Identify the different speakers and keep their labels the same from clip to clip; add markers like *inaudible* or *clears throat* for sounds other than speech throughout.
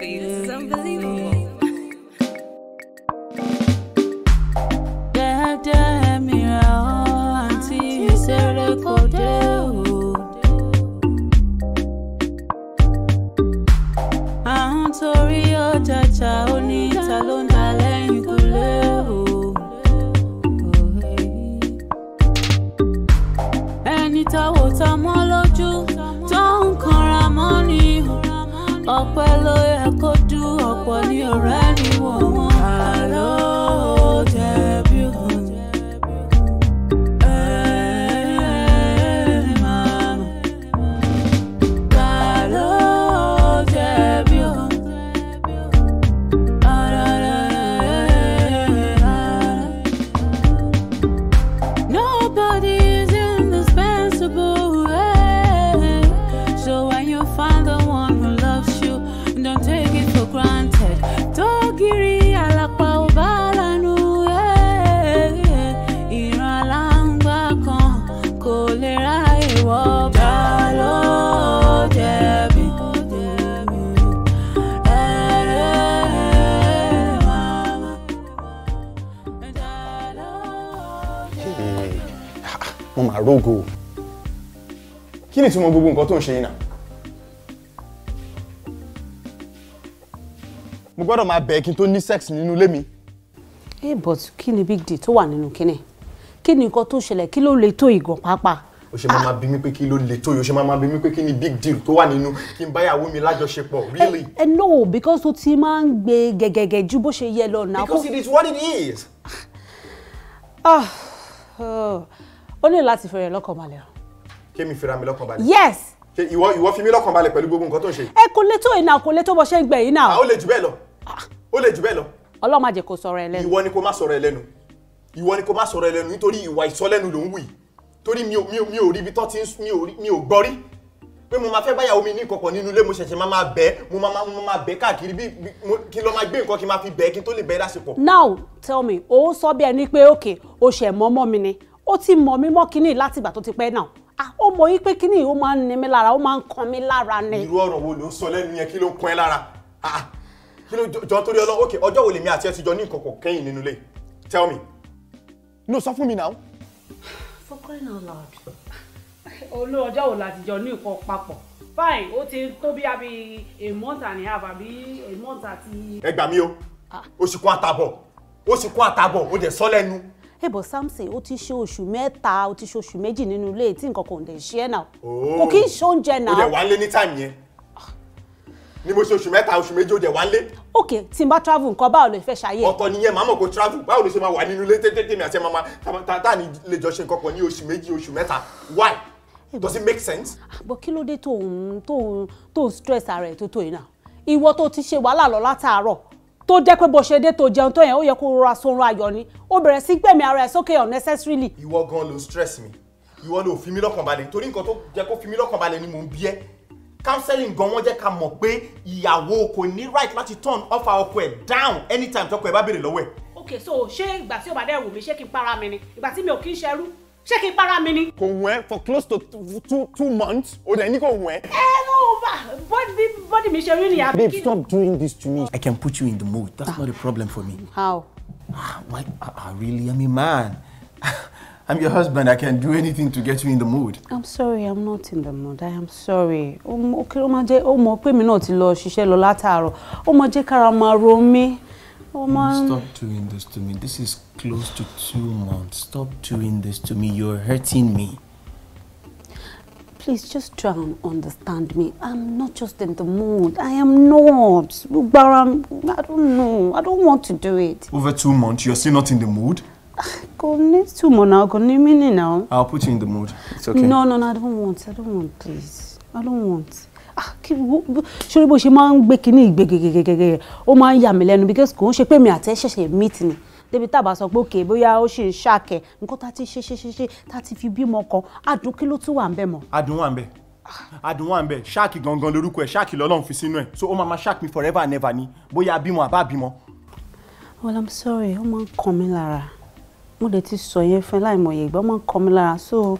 Speaker 1: please.
Speaker 2: lógo kí ni ìtumọ̀ gbogbo nǹkan tó ń ṣe yìí náà mo gbọ́dọ̀ máa bẹ̀ kí n tó ní sex nínú ilé mi. ẹ eh, but kí ni big deal tó wà
Speaker 3: nínú kíni kí ni nǹkan tó ṣẹlẹ̀ kí ló le tó ìgàn pàápàá.
Speaker 2: o ṣe máa bí mi pé kí ló le tó yìí o ṣe máa bí mi pé kí ni big deal tó wà nínú kí n báyàwó mi lájọṣepọ̀ eh, really.
Speaker 3: ẹ eh, no because o ti máa ń gbé gẹ́gẹ́gẹ́ ju bó ṣe yẹ lọ because it is what it
Speaker 2: is. ah.
Speaker 3: Uh, ó ní láti fẹ̀rẹ̀ lọ́kàn balẹ̀.
Speaker 2: kémi fira mi lọ́kàn balẹ̀. yes. ṣe ìwọ ìwọ fi mi lọ́kàn balẹ̀ pẹ̀lú gbogbo nǹkan tó ń ṣe.
Speaker 3: ẹ kò lè tó iná kò lè tó bọ́ ṣe ń gbẹ yìí náà. Ah, ó lè
Speaker 2: jù bẹ́ẹ̀ lọ ah. ó lè jù bẹ́ẹ̀ lọ.
Speaker 3: ọlọ́run má jẹ́ kó sọ̀rọ̀ ẹ lẹ́nu.
Speaker 2: ìwọ ni kó má sọ̀rọ̀ ẹ lẹ́nu ìwọ ni kó má sọ̀rọ̀ ẹ lẹ́nu nítorí ìwà ìsọlẹ́nu ló ń wù yìí torí mi ò rí ibi tó ti mi ò gbọ́ rí pé mo máa fẹ́ báyàwó mi ní ìkọ̀kọ̀ nínú ilé mo ṣẹ̀ṣẹ̀ máa máa bẹ́ mo máa máa bẹ́ káàkiri bí kí n lọ máa gbé nǹkan kí n máa fi bẹ́ kí n tó lè bẹ́ lásìkò.
Speaker 3: now tell me ó sọ bí ẹni pé òkè o ṣẹ̀ mọ́mọ́ mi ni ó ti mọ̀ mí mọ́ kínní látìgbà tó ti pẹ́ náà ó mọ̀ yí pé kínní ó máa ń ni mí lára ó máa ń kan mí lára ni. irú
Speaker 2: ọ̀rọ̀ wo ló ń sọ lẹ́nu yẹn kí ló ń kan ẹ́ lára kí ló jọ torí ọlọ́ ok ọjọ́ wo lèmi àti ẹ ti jọ ní ìkọ̀kọ̀ kẹ́yìn nínú ilé tell me. no sọ fún mi náà.
Speaker 3: for crying out loud. olú ọjọ́ wo la
Speaker 2: ti jọ ní ìkọ̀ papọ̀
Speaker 3: fine ó ti tó bí abi a month and a half àbí a month àti. ẹ
Speaker 2: gbà mí o oṣù kan àtàbọ̀ oṣù kan àtàbọ̀ ó dẹ̀ sọ lẹ́nu
Speaker 3: ẹ̀bọ̀ Samson ó ti ṣe oṣù mẹ́ta ó ti ṣe oṣù méjì nínú ilé tí nǹkan kò dẹ̀ ṣe ẹ̀ náà
Speaker 2: oh. kò kí ń ṣe oúnjẹ náà. ó dẹ̀ wá lé ní táìmù yẹn ni mo ṣe oṣù mẹ́ta oṣù méjì ó dẹ̀ wá lé. ok tí n bá travel nǹkan báwo ló fẹ́ ṣayé. ọ̀tọ̀ nìyẹn màmá kò travel báwo ló ṣe máa wà nínú ilé tètè mi àti ẹ̀ máa tá ní lè jọ ṣe nǹkan pọ̀ ní oṣù méjì oṣù mẹ́ta why does it make sense.
Speaker 3: àbọ̀ ah, kí ló dé tó ń tó ń tó ń stress ara ẹ̀ tó tó yìí náà ìwọ tó ti ṣe wàhálà lọ látàárọ̀ tó jẹ́ pé bó ṣe dé tó jẹun tó yẹn ó yẹ kó rọra sunrun ayọ̀ ni ó bẹ̀rẹ̀ sí gbẹ̀mí
Speaker 2: ara ẹ̀ sókè unnecessarily. ìwọ gan ló stress mi ìwọ ló fi mí lọ́kàn balẹ̀ torí nǹkan tó jẹ́ kó fi mí lọ́kàn balẹ̀ ni mò ń bí ẹ́ counseling gan wọ́n jẹ́ ká mọ̀ pé ìyàwó kò ní right láti turn offer ọkọ ẹ̀ down anytime tọkọ ẹ̀ bá béèrè lọ́wọ́ ẹ̀.
Speaker 3: ok so ṣé ìgbà tí ó bá dẹ̀ wù mí ṣé kí n para mi ni ìgbà tí mi ò kí ń ṣerú ṣé kí n para mi ni. kò wọ́n for close to two two
Speaker 2: months o dẹ̀ ní kò wọ́n ẹ́.
Speaker 3: ẹ mo wà bọ́dì bí bọ́dì mi ṣe rí ni. babe stop
Speaker 2: doing this to me. I can put you in the mood that's not a problem for me. how. ah why ah, ah really I'm a man *laughs* I'm your husband I can do anything to get you in the mood.
Speaker 3: I'm sorry I'm not in the mood I am sorry ó mọ pé mi náà ti lọ ṣiṣẹ́ lọ látàárọ̀ ó mọ jẹ́ kára máa ro mí. Oh, stop
Speaker 4: doing this to me. This is close to two months. Stop doing this to me. You're hurting me.
Speaker 3: Please just try and understand me. I'm not just in the mood. I am not. I don't know. I don't want to do it.
Speaker 2: Over two months, you're still not in the mood?
Speaker 3: Goodness, two months now. Goodness, me now.
Speaker 2: I'll put you in the mood. It's okay. No,
Speaker 3: no, no. I don't want. I don't want, please. I don't want. ṣorí ah, bó ṣe máa ń gbé kinní ìgbégegegege ó máa ń yà mí lẹ́nu because kò ń ṣe pé mi àtẹ ṣẹ̀ṣẹ̀ meet ni débi tábà sọ pé òkè bóyá ó ṣe ṣàkẹ nǹkan tá ti ṣe ṣe ṣe ṣe tá ti fi bímọ kan adùn kí ló tún wà ń bẹ mọ́.
Speaker 2: adùn wà ń bẹ adùn wà ń bẹ ṣáàkì gangan lórúkọ ẹ ṣáàkì lọ́lọ́run fi sínú ẹ so ó máa ma ṣáàkì mi forever and ever ni bóyá bímọ àbá bímọ.
Speaker 3: well i'm sorry ó máa ń kàn mí lára mo dẹ̀ ti sọ yẹn fẹ́ láìmọye ìgbà ó máa ń kàn mí lára so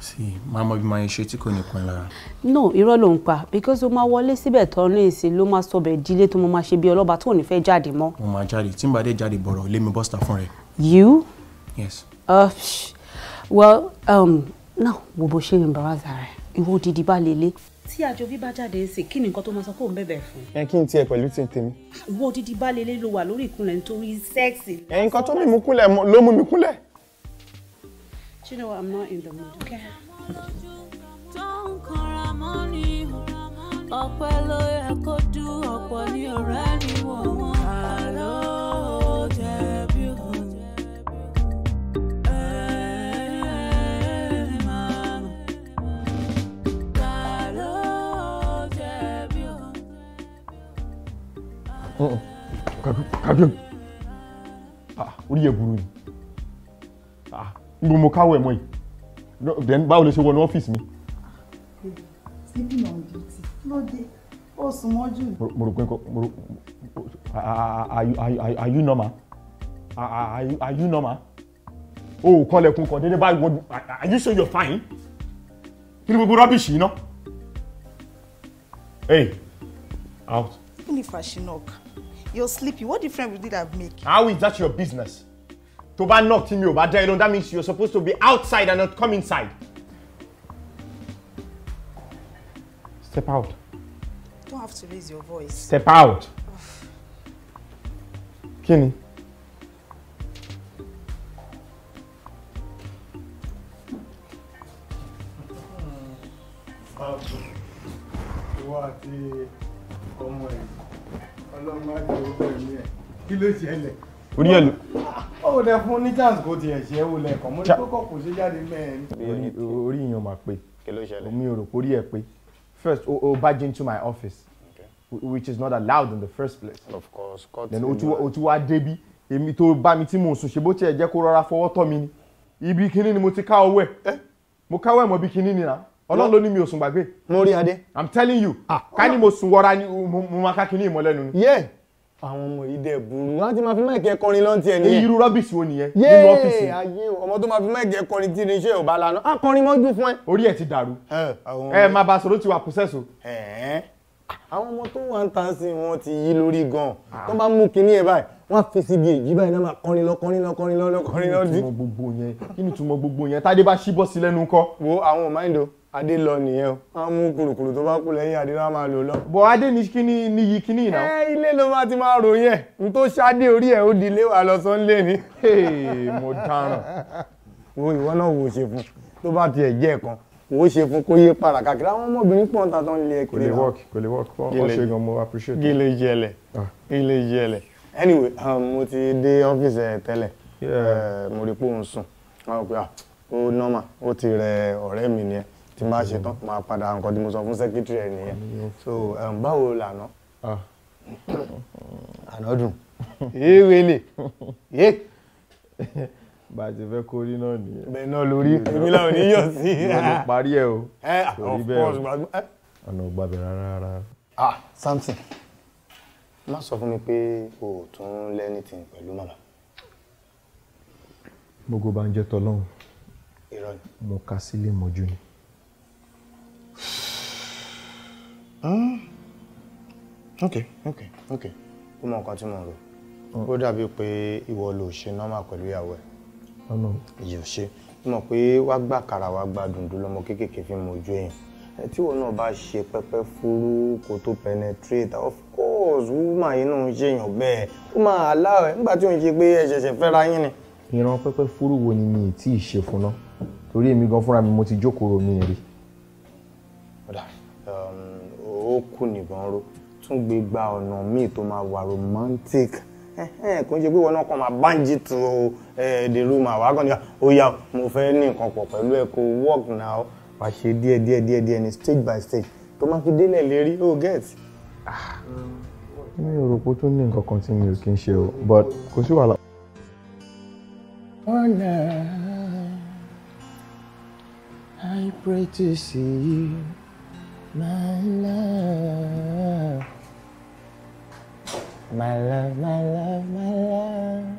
Speaker 4: sí máa mọ bí máa ṣe
Speaker 2: tí kò ní pin lára.
Speaker 3: no irọ́ ló ń pa because o máa wọlé síbẹ̀ tán ní ìsìn ló máa sọ bẹ́ẹ̀ dílé tó mo máa ṣe bí ọlọ́ba tó ní fẹ́ jáde mọ́.
Speaker 2: mo máa jáde tí n bá dé jáde bọ̀rọ̀ lé mi bọ́sítà fún rẹ. you. yes.
Speaker 3: Uh, well um, now wo bó ṣe ń bàbá zara
Speaker 2: ìwọ òdìdí bá lélẹ̀.
Speaker 3: tí àjòbí bá jáde ṣe kí ni nǹkan tó máa sọ kó ń bẹ̀bẹ̀ fún.
Speaker 2: ẹ kí n tiẹ̀ pẹ̀lú ti tèmi.
Speaker 3: ìwọ òdìdí bá lélẹ̀ ló wà lórí ìkúnlẹ̀ nítorí sẹ́ẹ̀sì. ẹ̀yin kan tó mímú kúnlẹ̀ ló mú mi
Speaker 2: kúnlẹ̀.
Speaker 1: Do you know what? I'm not in the mood, okay? ọpẹ́ ló yẹ kó dú ọ̀pọ̀ ní ọ̀rẹ́ ni wọ́n wọ́n àlọ́ jẹ̀bi o.
Speaker 2: Kàbíyèmí, orí ẹ̀ burú ni n gbọ́ mo káwọ́ yìí then báwo lè ṣe wọnú ọ́fíìsì mi.
Speaker 5: sleeping on duty lóde ó sùn mọ́jú.
Speaker 2: mo rò pé mo are you normal are you normal o ò kọ́lẹ̀kùn kan dédé báyìí are you sure you're fine kí ni gbogbo rọ́bìṣì yìí ná. hey out. even if I should knock
Speaker 3: you're sleepy what difference would it have make.
Speaker 2: how is that your business. To bá knock tí mi ò bá dá ẹ that means you are supposed to be outside and not come inside. step out.
Speaker 6: you don't have
Speaker 2: to raise your voice. step out. Kini. ni. ìwọ àti ọmọ ẹ ọlọ́mọ àti ọmọ ẹ kí ló ṣẹlẹ̀ orí ẹ̀ ló. ó lẹ fún ní chance kó tiẹ̀ ṣe é wò lẹ́ẹ̀kan mo ní kókó kò ṣe jáde mẹ́rin. orí yan máa pe omi ò rò orí ẹ̀ pé first o o barge into my office which is not allowed in the first place. of course court then o tún wá débi èmi tó bá mi tí mò ń sùn ṣe bó tiẹ̀ jẹ́ kó rọra fọwọ́ tọ́ mi ni ibi kíní ni mo ti ká owó ẹ̀ eh? mo ká owó ẹ̀ mọ́ ibi kíní ni na ọlọ́run ló ní mi ò sùn gbàgbé. mo rí adé. i'm telling you ah. ká ní mo sùn wọra ni mo máa ká kíní ìmọ̀lẹ́nu ni. yeah àwọn ọmọ yìí dẹ̀ burú wọ́n ti máa fi máìkì ẹkọrin lọ́n tiẹ̀ nìyẹn. irú rọ́bìsì wo nìyẹn nínú ọ́fíìsì. yéé ayé o ọmọ tó máa fi máìkì ẹkọrin tí irinṣẹ́ ò bá lànà akọrin mọ́jú fún ẹ. orí ẹ ti dàrú ẹ máa bá a sọ̀rọ̀ tí wàá pọ̀sẹ̀sọ. àwọn ọmọ tó wà ń tàn sí wọn ti yí lórí gan tó bá mú kinní ẹ báyìí wọ́n á fi síbi èyí báyìí náà máa kọrin lọ kọrin lọ kọrin lọ kọrin lọ dín. kí ni ìtumọ̀ gbogbo yẹn adé lọ nìyẹn o a mú kùrùkùrù tó bá kú lẹ́yìn adé náà máa lò lọ. bọ̀ adé ní kíní níyì kíní ìná. ẹ ilé ló máa ti máa rò yẹn n tó ṣáde orí ẹ ó di ilé wa lọ sọ́nlé ni. mo dáràn. wo ìwọ náà wò ó ṣe fún tó bá tiẹ̀ jẹ́ ẹ̀kan wò ó ṣe fún kó yé para kàkiri àwọn ọmọbìnrin pọ̀ ń ta tán lé ẹ kiri. kò lè wọ́ọ̀kì kò lè wọ́ọ̀kì ó ṣe gan mo appreciate. gílé jẹlẹ ah. gílé jẹlẹ anyway um, mo ti dé ọ́fíìsì ẹ tẹ́lẹ̀ eh, mo rí pé òun sùn ah, ó normal ó ti rẹ ọ̀rẹ́ mi nìyẹn tí n ṣe tán máa padà nǹkan tí mo sọ fún sẹ́kítírì ẹ̀ nìyẹn so um, báwo lànà ah. àná dùn èé wele yé bá a ti fẹ́ kó rí náà nìyẹn. bẹ́ẹ̀ náà lórí èmi làwọn oníyọ̀ sí. wọ́n ti parí ẹ̀ o. ẹ of course ọ̀nà ò gbàgbé rárá ah Samson má sọ fún mi pé o ò tún lẹ́nìtìn pẹ̀lú màmá. gbogbo bá ń jẹ́ tọ́lọ́hún. mo kà sílé mọ́jú ni.
Speaker 4: Ah. ok ok
Speaker 2: ok ó mọ nǹkan tí mo rò ah. ó dàbí pé ìwọ ló ṣe nọ́mà pẹ̀lú ìyàwó ẹ̀ èyí ah, ò ṣe ó mọ̀ pé wá gbà kàrà wá gbà dùndú lọ́mọ kéékèèké fi mọ ojú èèyàn tí ìwọ náà bá ṣe pẹpẹ fúrú kó tó penetrate of course woman yìí náà ń ṣèyàn bẹ́ẹ̀ ó máa aláwẹ̀ nígbà tí òun ṣe pé ẹ ṣẹ̀ṣẹ̀ fẹ́ra yín ni. ìran pẹpẹ fúrú wo ni mi ì tí ì ṣe fún náà torí èmi gan fúnra mi mo ti jókòó mi rí kù nìbọn ro tún gbé gba ọ̀nà míì tó máa wà romantic kò ń ṣe pé wọn náà kàn máa báńjì tu the room àwákàn nígbà ó yá mo fẹ́ ní nǹkan pọ̀ pẹ̀lú ẹ̀ kó work now wà ṣe díẹ̀ díẹ̀ díẹ̀ ní stage by stage tó máa fi délẹ̀ lérí ó get. mi ò rò pé tó ní nǹkan kan tí mi ò kí ń ṣe o but kò sí wàhálà.
Speaker 4: ọ̀nà I pray to see you. My love. My love, my love, my love.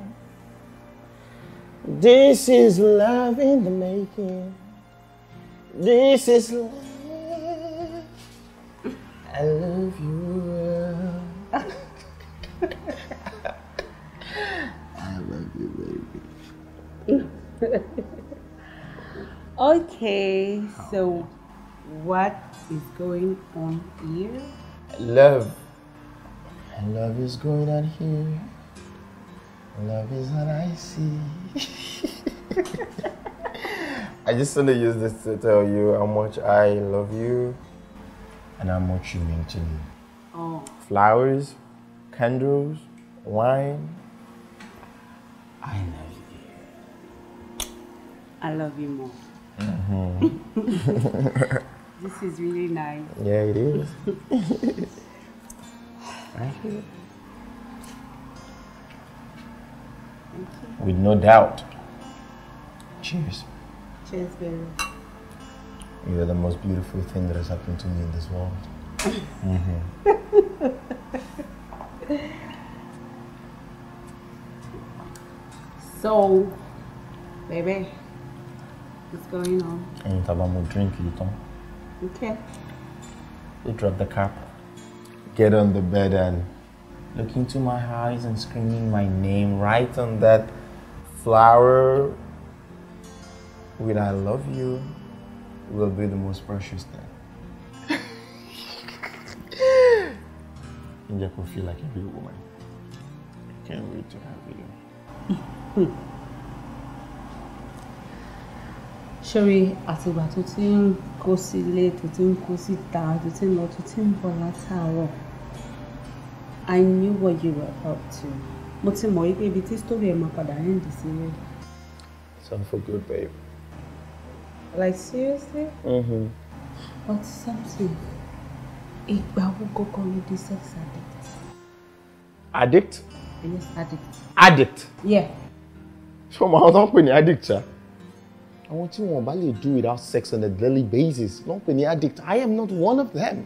Speaker 4: This is love in the making. This is love. I love you.
Speaker 1: I love
Speaker 3: you, baby. okay, so what is going on here.
Speaker 4: Love. Love is going on here. Love is what I see.
Speaker 2: *laughs* I just want to use this to tell you how much I love you and how much you mean to me. Oh. Flowers, candles, wine. I
Speaker 3: love you. I love you more. Mm -hmm. *laughs* This is really nice. Yeah, it is. *laughs* right here.
Speaker 2: With no doubt. Cheers. Cheers, baby. You are the most beautiful thing that has happened to me in this world. *laughs* mm -hmm.
Speaker 7: so,
Speaker 3: baby, what's going on?
Speaker 2: Ainda estávamos drinking, então. Okay. We drop the cap. Get on the bed and look into my eyes and screaming my name right on that flower with I love you will be the most precious thing. India *laughs* could feel like a real woman. I can't wait to have you. *laughs*
Speaker 3: ṣọ́rí àtìgbà tó ti ń kó sílé tó ti ń kó síta tó ti ń lọ tó ti ń bọ̀ látàárọ̀ I knew what you were up to mo ti mọ̀ wípé ibi tí story ẹ̀ máa padà end sí rẹ̀.
Speaker 2: sound for good babe.
Speaker 3: like seriously. Mm-hmm. but something ìgbà wo kọ́kọ́ ló di sex addict.
Speaker 2: addict. yes addict. addict. yeah. ṣé o mọ àwọn tó pè ní addict ṣá. Yeah? àwọn tí wọn bá lè do without sex on a daily basis ló ń pè ní addict i am not one of them.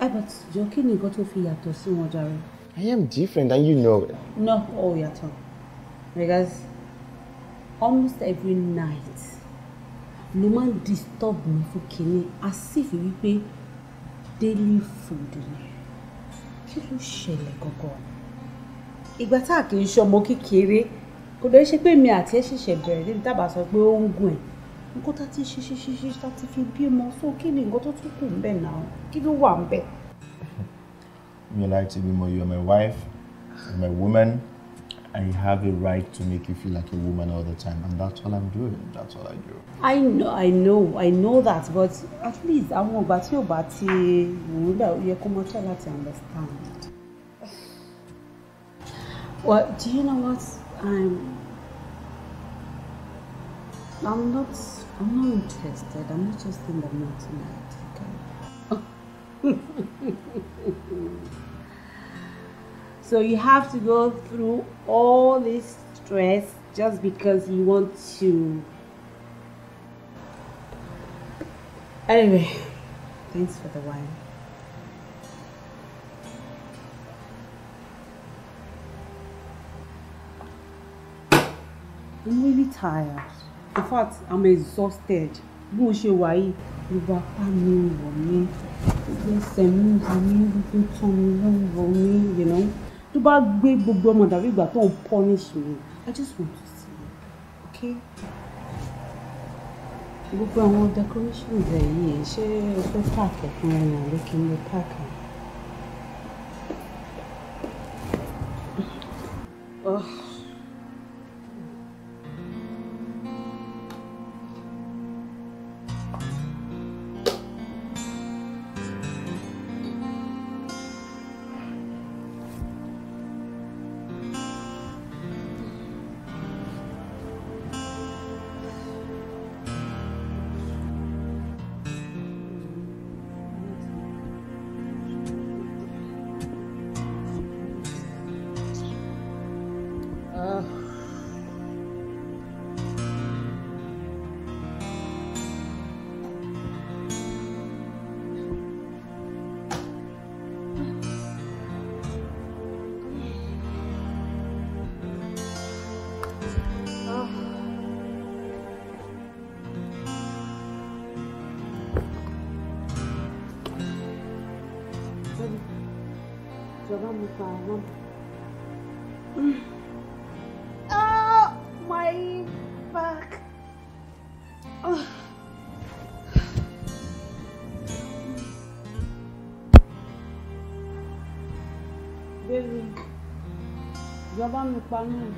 Speaker 2: albert jọ kí ni nǹkan tó fi yàtọ̀ sí wọn jàre. i am different and you know it.
Speaker 3: no ó yàtọ̀ because almost every night
Speaker 2: ló máa ń disturb mi fún
Speaker 3: kinní asif wípé daily food ni kí ló ṣẹlẹ̀ gangan ìgbà tá a kì í ṣọmọ kékeré kò dẹ̀ ṣe pé mi àti ẹ ṣẹ̀ṣẹ̀ bẹ̀rẹ̀ níbi tá sọ pé ó ń gùn ẹ̀ nǹkan tá ti ṣe ṣe ṣe ṣe tá ti fi bímọ fún kí ni nǹkan tó tún kù ń náà kí ló wà ń bẹ̀.
Speaker 2: *laughs* like to be more you are my wife you are my woman and you have a right to make you feel like a woman all the time and that's all i'm doing that's all i do.
Speaker 3: i know i know i know that but at least àwọn ọgbà tí ò bá ti wò ó dà ó yẹ kó mọ try láti understand. *sighs* well do you know what. I'm I'm not I'm not interested. I'm not just in the mood tonight, okay? so you have to go through all this stress just because you want to anyway thanks for the wine I'm really tired. In fact, I'm exhausted. Bí mo ṣe wà yìí, ló bá pa mi wọ̀ mí. Gbogbo ẹsẹ̀ mi wọ̀ mí, gbogbo tán mi ló mí, you know. Tó bá gbé gbogbo ọmọ dàbí ìgbà tó ń punish me, I just want to see you, okay? Gbogbo àwọn decorations ẹ̀ yìí, ṣé o fẹ́ pààkì fún ẹ̀yìn àbí kí n lè pààkì? Ugh. bàbá mi pa náà.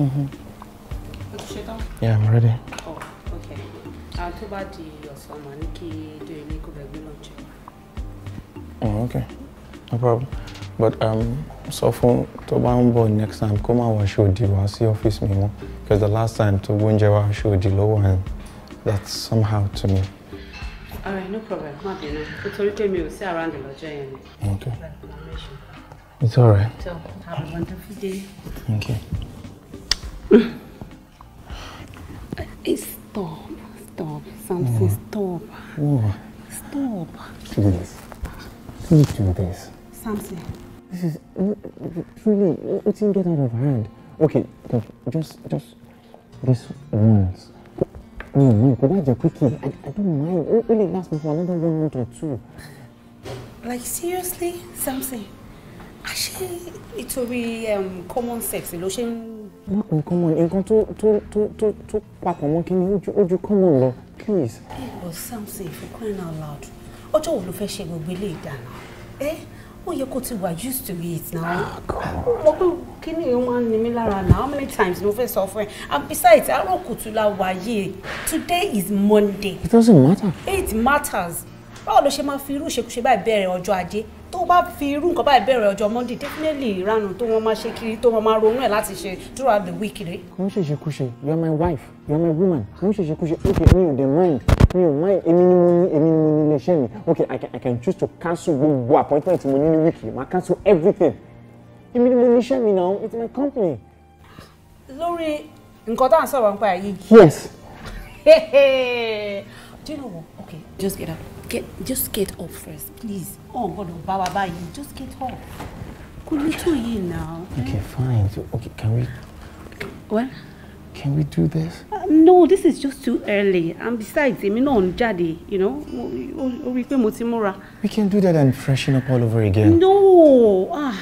Speaker 4: Mm-hmm. Yeah, I'm ready.
Speaker 3: Oh, okay. I'll talk about the a little bit of lunch.
Speaker 4: Oh, okay. No problem. but um, sọ fún tomorrow bá next time come out and show the sí ọ́fíìsì mi mọ́ because the last time tó gbóúnjẹ show the low one, that's somehow to me.
Speaker 3: all right no problem má bínú nítorí pé We will see around the yẹn ni.
Speaker 4: okay it's all right.
Speaker 3: so have a wonderful day. thank *sighs* stop stop something stop. Oh. stop.
Speaker 4: please please do this. Samson. This is uh, really, uh, it didn't get out of hand. Okay, just, just this once. No, no, but that's a quickly. I, I don't mind. It really lasts me for another one month or two. Like,
Speaker 3: seriously, Samson? Actually, it nítorí um, common sex It ṣe ń.
Speaker 4: Not uncommon. Nǹkan tó to to tó tó papọ̀ mọ́ kí ni ojú ojú common lọ. Please.
Speaker 3: Hey, but Samson, for crying out loud, ọjọ́ wo ló fẹ́ she will believe that. Eh? Oh, yẹ kó ti wà used to it now. Ah, mo pé kíní yìí wọ́n á now how many times ni mo suffering? And besides, I don't besides àárọ̀ kùtù la today is monday. it doesn't matter. it matters Oh, báwo She ṣe máa fi irú ìṣekúṣe a bẹ̀rẹ̀ ọjọ́ ajé tó bá fi irú nǹkan báyìí bẹ̀rẹ̀ ọjọ́ monday definitely ìranù tó wọ́n máa ṣe kiri tó wọ́n máa ronú ẹ̀ láti ṣe throughout the week rẹ̀.
Speaker 2: mo ń ṣèṣekúṣe you are my wife you are my woman mo ń ṣèṣekúṣe okay you dey mind mi ò mind èmi ni mo ní èmi ni mo ní ilé iṣẹ́ mi okay I can I can choose to cancel gbogbo appointment mo ní ní wíìkì ma cancel everything èmi ni mo ní iṣẹ́ mi now it's my company.
Speaker 3: lórí nǹkan tá à ń sọ̀rọ̀ nípa yìí. yes. *laughs* do you know what okay just get up get just get up first please ọ̀ gbọ́dọ̀ bá wa báyìí just get up kò ní tó yìí now.
Speaker 4: okay fine so okay can we. well. Can we do this?
Speaker 3: Uh, no, this is just too early. And besides, èmi not on jáde, you know,
Speaker 2: We can do that and freshen up all over again.
Speaker 3: No, ah,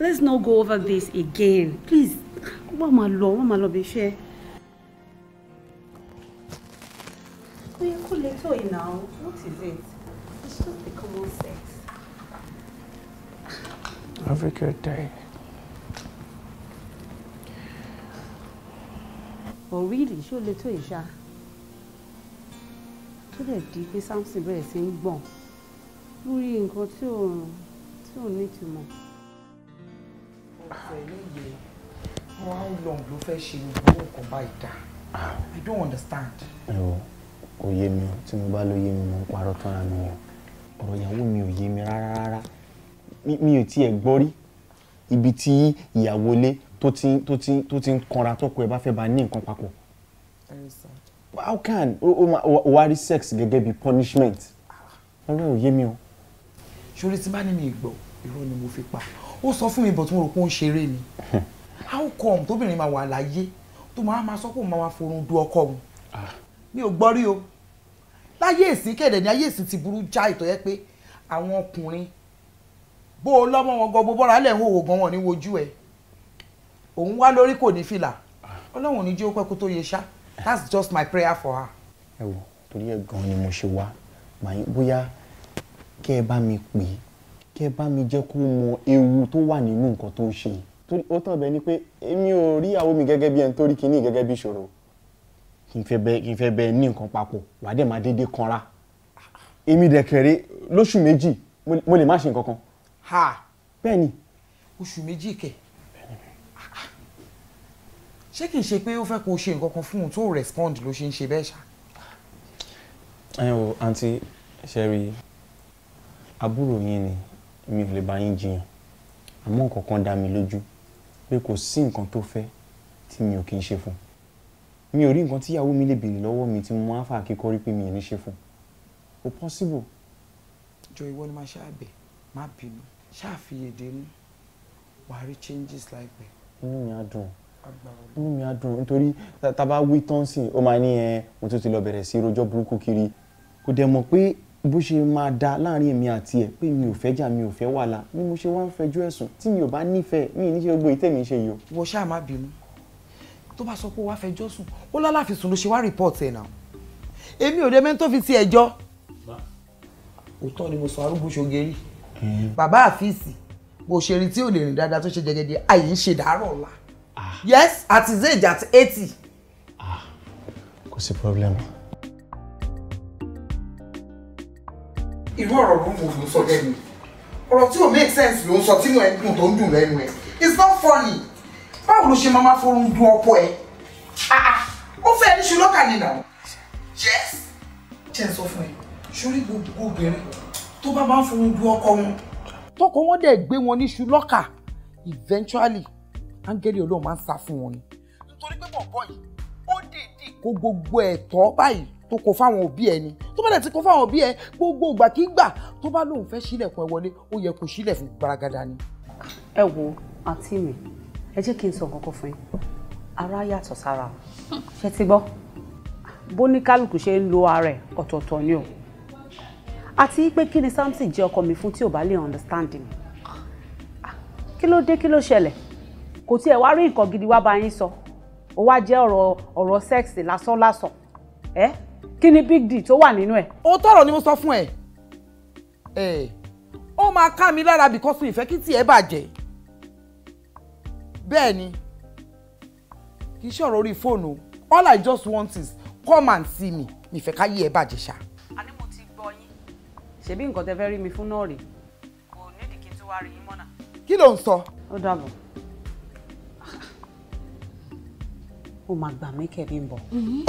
Speaker 3: let's not go over this again. Please, What my lọ, What my lọ bí iṣẹ́. Ó yẹ kó lè tó yìí what is it? It's just the common sense.
Speaker 8: Have a good day.
Speaker 3: but really ṣó lè tó ìṣá tó dẹ̀ di pé Samson bẹ̀rẹ̀ sí ń gbọ̀n lórí nǹkan tí ò
Speaker 5: tí ò nítumọ̀. ọ̀sẹ̀ níyì how long ló fẹ́ ṣe gbogbo nǹkan báyìí dá ah. I don't understand.
Speaker 2: ẹ̀rọ kò yé mi o tí mo bá ló yé mi mo ń parọ́ tọ́ra mi o ọ̀rọ̀ ìyàwó mi ò yé mi rárá rárá mi ò tiẹ̀ gbọ́ rí ibi tí ìyàwó lé tó ti tó ti tó ti ń kanra tọ́kọ ẹ̀ bá fẹ́ bá ní nǹkan papọ̀ how can o wá rí sex gẹ́gẹ́ bí punishment ọ̀rẹ́ ò yé mi o. ṣorí
Speaker 5: tí bá ní mi gbọ́ irọ́ ni mo fi pa ó sọ fún mi bọ̀ tí mo rò pé ó ń ṣeré ni *laughs* how come tóbìnrin máa wà láyé tó máa máa sọ pé òun máa wá forun du ọkọ òun ah. mi ò gbọ́ rí o láyé èsì kẹ̀dẹ̀ ni ayé èsì ti burú já ìtọ́ yẹ pé àwọn ọkùnrin bó o lọ́mọ wọn gan bó bọ́ra lẹ̀ ń hòwò gan wọn ní ẹ̀ òun wá lórí kò ní fìlà ọlọ́run ní jí ó pẹ́ kó tó yẹ ṣá that's just my prayer for her.
Speaker 2: ẹ wò torí ẹ gan ni mo ṣe wá màá bóyá kẹ ẹ bá mi pè é kẹ ẹ bá mi jẹ́ kó mọ ewu tó wà nínú nǹkan tó ń ṣe torí ó tàn bẹ́ẹ̀ ni pé èmi ò rí àwọn mi gẹ́gẹ́ bí ẹni tó rí kinní gẹ́gẹ́ bí ìṣòro kí n fẹ́ bẹ kí n fẹ́ bẹ ní nǹkan papọ̀ wàá dẹ̀ máa déédéé kanra èmi dẹ̀ lóṣù méjì mo lè má ṣe nǹkan kan. bẹ́ẹ̀ ni. oṣù méjì kẹ̀
Speaker 5: ṣé kìí ṣe pé ó fẹ́ kó ṣe nǹkan kan fún un tó respond ló ṣe ń ṣe bẹ́ẹ̀ ṣá.
Speaker 2: ẹ wo àǹtí ṣẹ́rí àbúrò yín ni mi ò lè bá yín jiyàn àmọ́ nǹkan kan dá mi lójú pé kò sí nǹkan tó fẹ́ tí mi ò kí ń ṣe fún un mi ò rí nǹkan tíyàwó mi lè béèrè lọ́wọ́ mi tí mo máa fà kíkọ́rí pé mi ò ní ṣe fún un ó possible. jọ ìwọ ni máa ṣáàbẹ̀
Speaker 5: má bínú ṣáàfiyèdè mú wàá rí changes láìpẹ́.
Speaker 2: inú mi á dùn inú mi á dùn nítorí tá a bá wí tán sí ó máa ní ẹ mo tún ti lọ bẹ̀rẹ̀ sí rojọ́ burúkú kiri kò dẹ̀ mọ̀ pé bó ṣe máa da láàrin èmi àti ẹ pé mi ò fẹ́ jà mi ò fẹ́ wàhálà ni mo ṣe wá ń fẹjú ẹ̀sùn tí mi ò bá nífẹ̀ẹ́ mi ì ní ṣe gbogbo ìtẹ̀mí ṣe yìí o. wọ ṣáà má
Speaker 5: bínú tó bá sọ pé ó wá fẹjọ́ sùn ó lálàáfin sùn ló ṣe wá rìpọ́ọ̀tì ẹ̀ náà èmi ò dé mẹ́ńtò fi ti ẹjọ́ òótọ́ ni mo sọ arúgbó ṣogeri bàbá àfíìsì bó ṣe rí tí ò lè rìn dáadáa tó ṣe jẹjẹjẹ àyè ń ṣe dàárọ̀ ọ̀la Ah. yes at his age at eighty. Ah,
Speaker 4: kò sí problem.
Speaker 5: irú ọ̀rọ̀ ló ń wò ló sọ lẹ́nu ọ̀rọ̀ tí ò make sense ló ń sọ tínú ẹ̀ tó ń dùn lẹ́nu ẹ̀ it's not funny báwo ló ṣe máa máa forún dun ọkọ ẹ̀ ah, ah. ó fẹ́ ní ṣùlọ́kà ni nà yes jẹ́ ń sọ fún ẹ sórí gbogbo obìnrin tó bá máa ń forún dun ọkọ wọn. tọkọ wọn dẹ̀ gbé wọn ní ṣùlọ́kà eventually áńgẹ́lì Ọlọ́run máa ń sá fún wọn ni nítorí pé bọ̀bọ̀ yìí ó dìídì kó gbogbo ẹ̀tọ́ báyìí tó kó fáwọn òbí ẹ ni tó bá dẹ̀ ti kó fáwọn òbí ẹ gbogbo ìgbàkigbà tó bá lóun fẹ́ sílẹ̀kùn ẹ wọlé ó yẹ kó sílẹ̀ fún gbaragada ni. ẹ wo àǹtí mi ẹ jẹ́ kí n sọ nǹkan kan fún
Speaker 3: yín ara yàtọ̀ sára ṣe ti gbọ́ bó ní kálukú ṣe ń lo ara ẹ̀ ọ̀tọ̀ọ̀tọ̀ ni o àti pé kí ni Samson jẹ́ ọkọ mi fún tí ò bá lè understand mi ah, kí ló dé kí ló ṣẹlẹ̀ kò tiẹ̀ wá rí nǹkan gidi wá bá yín sọ ó wá jẹ́ ọ̀rọ̀ ọ̀rọ̀ sẹ́ẹ̀sì lásán lásán ẹ kí
Speaker 5: ni big d tó wà nínú ẹ̀. o tọrọ ni mo sọ fún ẹ ẹ ó máa ká mi lára bìkọ́sù ìfẹ́ kí tiẹ̀ bàjẹ́ bẹ́ẹ̀ ni kì í ṣe ọ̀rọ̀ orí fóònù all i just want is come and see me mi fẹ́ ká yí ẹ bàjẹ́ ṣá.
Speaker 3: àní mo ti gbọ́ yín
Speaker 5: ṣebí nǹkan tẹ fẹ́ rí mi fún náà rèé kò
Speaker 3: nídìí kí n tún wá rí yín mọ́nà.
Speaker 5: kí ló ń sọ. ó dàbọ̀.
Speaker 3: ó máa gbà mí kẹ́bí ń bọ̀ mhm.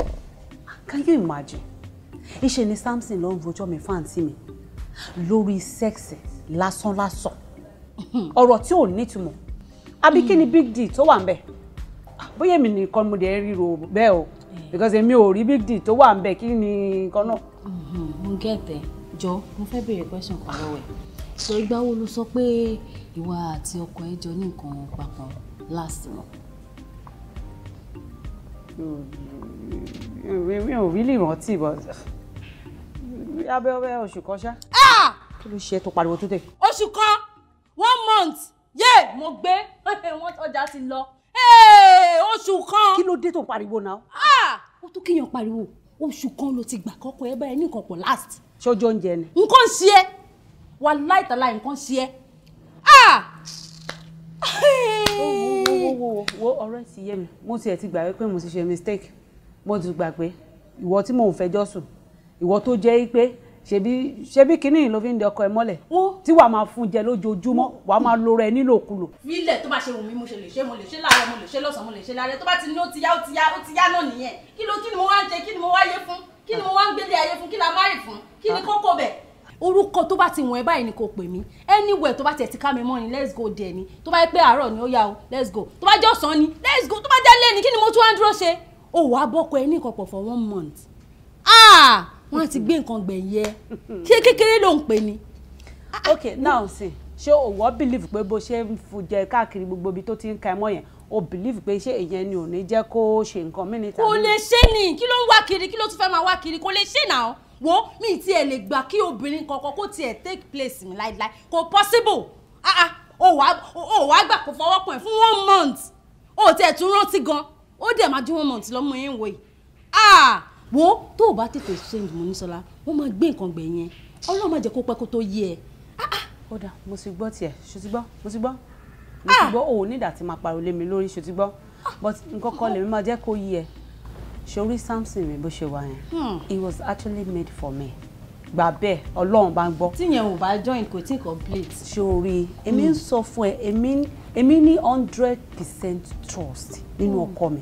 Speaker 3: can you imagine ìṣe ni Samson ló ń rojọ́ mi fáǹtì mi lórí sẹ́ẹ̀sì lásánlásán mhm. ọ̀rọ̀ tí ò nítumọ̀ àbí kí ni mhm. big deal tó wà ń bẹ̀ bóyá èmi nìkan mo dẹ̀ ríro bẹ́ẹ̀ o eh. because èmi ò rí big deal tó wà ń bẹ̀ kí ni nǹkan náà. mo gẹ̀tẹ̀ jọ mo fẹ́ béèrè question kan lọ́wọ́ ẹ̀ sọ ìgbà wo ló sọ pé ìwà àti ọkọ ẹ jọ ní nǹkan papọ̀ last month. We mi ò rí lè rántí bọ́ abẹ́ ọbẹ̀ oṣù kan ṣá. Ah! kí ló ṣe tó pariwo tó dé. oṣù kan one month yé mo gbé *laughs* wọn tọjà ti lọ oṣù kan. kí ló dé tó pariwo náà. Ah! ó tún kíyàn pariwo oṣù kan ló ti gbà kọ́kọ́ ẹ báyìí nìkan pọ̀ last. ṣọjọ oúnjẹ ni. nǹkan ṣe é wàláìtàláì nǹkan ṣe é. *laughs* wo wo wo ọ̀rẹ́ ti yé mi mo tiẹ̀ ti gbà pé mo ti ṣe mistake mo ti gbà pé ìwọ tí mò ń fẹjọ́ sùn ìwọ tó jẹ́ pé ṣebí ṣebí kínní ló fi ń de ọkọ ẹ mọ́lẹ̀ tí wàá máa fún jẹ lójoojúmọ́ wàá máa lo rẹ nílòkulò. nílẹ̀ tó bá ṣe wù mí mo ṣe lè ṣe mo lè ṣe láàárọ̀ mo lè ṣe lọ́sàn-án mo lè ṣe láàárẹ̀ tó bá ti ní ó ti yá ó ti yá ó ti yá náà nìyẹn kí ló kí ni mo wá ń jẹ kí ni mo wá yé fún kí ni mo wá ń gbélé ayé fún kí la má rè fún kí ni kókó bẹ̀ orúkọ tó bá ti wọ̀n ẹ́ báyìí ni kò pè mí anywhere tó bá tiẹ̀ ti ká mi mọ́ ni let's go there ni tó bá yẹ pé àárọ̀ ni ó yá o let's go tó bá jẹ́ ọ̀sán ni let's go tó bá jẹ́ lẹ́ni kí ni mo tún wá ń dúró ṣe ó wàá bọ́kọ ẹ ní ìkọ̀pọ̀ for one month ah wọ́n ti gbé nǹkan gbẹ̀yẹ ṣé kékeré ló ń pè ní. ok now see ṣé òwò believe pé bó ṣe ń fujẹ káàkiri gbogbo ibi tó ti ń ka ẹmọ yẹn o believe pé ṣé ìyẹn ni ò ní jẹ́ kó ṣe nǹkan mí níta. kò lè ṣe ni kí ló ń wá kiri kí ló tún fẹ́ máa wá kiri kò lè ṣe náà wo mi ti ẹ̀ lè gbà kí obìnrin kankan kó tiẹ̀ take place mi láíláí kò possible ah ah o wá o wá gbà kó fọwọ́ kàn ẹ́ fún one month o tiẹ̀ tún rántí gan ó dẹ̀ máa dín one month lọ́mọ yẹn wò yìí ah wo tó o bá tètè change mo ní sọlá wọ́n máa gbé nǹkan gbẹ̀yìn ẹ ọlọ́run má jẹ́ kó pẹ́ kó tó yé ẹ ah ah. ó dà mo ti gbọ́ tiẹ̀ ṣe ti gbọ́ mo ti gbọ́ mo ti ah! gbọ́ òun nígbà tí máa pariwo lé mi lórí ṣe ah! but nǹkan kan lèmi máa jẹ́ kó yé sori samson mi bó ṣe wà yẹn it hmm. was actually made for me gbà bẹ́ẹ̀ ọlọ́run bá ń gbọ́. tíyẹn ò bá join kò tí complete. sori èmi hmm. ń sọ fún ẹ èmi èmi ní hundred percent trust nínú hmm. ọkọ mi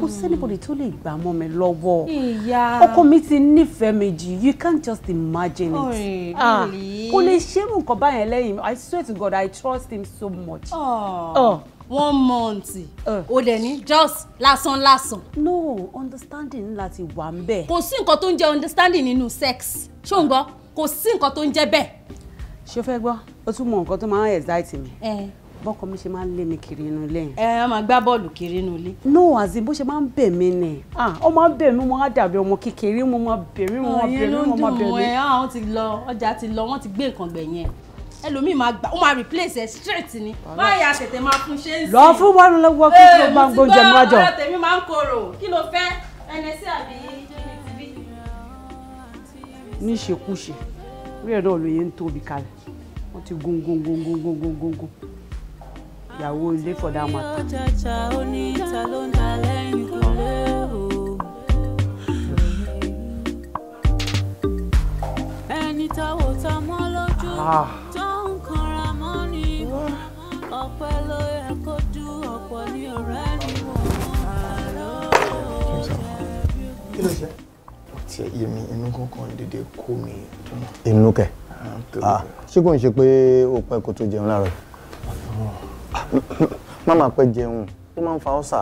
Speaker 3: kò sẹ́nibọ̀dì tó lè gbà mọ́ mi lọ́wọ́ ọkọ mi ti nífẹ̀ẹ́ méjì you can't just imagine it ah, kò lè ṣerú nǹkan báyẹn lẹ́yìn i swear to god i trust him so much.
Speaker 6: Oh.
Speaker 3: Oh one month eh. o dẹ̀ ní just lásán lásán. no understanding láti wà ń bẹ̀. kò sí nǹkan tó ń jẹ́ understanding nínú sex ṣó ń gbọ́ kò sí nǹkan tó ń jẹ́ bẹ́ẹ̀. ṣé o fẹ́ gbọ́ o tún mọ nǹkan tó máa ń excite mi bọ́kọ mi ṣe máa ń lé mi kiri inú ilé. ẹ ẹ máa gbá bọ́ọ̀lù kiri inú ilé. no àzìn bó ṣe máa ń bẹ̀ mí ni ó máa ń bẹ̀ mí mo máa dàbí ọmọ kékeré mo máa bẹ̀ mí mo máa bẹ̀ mí mo máa bẹ̀ mí. ọyìn ló ń dùn ẹ àwọn ti ọjà ti lọ wọn ti gbé nǹkan gbẹ̀yìn ẹ ẹlòmíì máa gbà ó máa replace ẹ straight ni má yà tètè máa fún ṣe ń sìn. lọ fún wọn lọ́wọ́ kí ló máa ń gbóúnjẹ mọ́jọ. ọ̀rọ̀ tèmi máa ń korò kí ló fẹ́ ẹni sí àbí tìbí. níṣekúṣe orí ẹ̀rọ olóye ń tóbi kalẹ̀ wọ́n ti gún gún gún gún gún gún gún gún ìyàwó ilé for that matter.
Speaker 1: ẹni
Speaker 4: ọpẹ́ ló yẹ kó dú ọ̀pọ̀ ní ọ̀rẹ́ ni
Speaker 2: wọ́n àlọ́ kí ló ṣe. ọtí ẹyẹ mi inú kankan dédé kó mi dùn. inú kẹ ah, ah, ṣé kò ń ṣe pé o pẹ́ kó tó jẹun láàárọ̀ má máa pẹ́ jẹun ó máa ń fa ọ́sà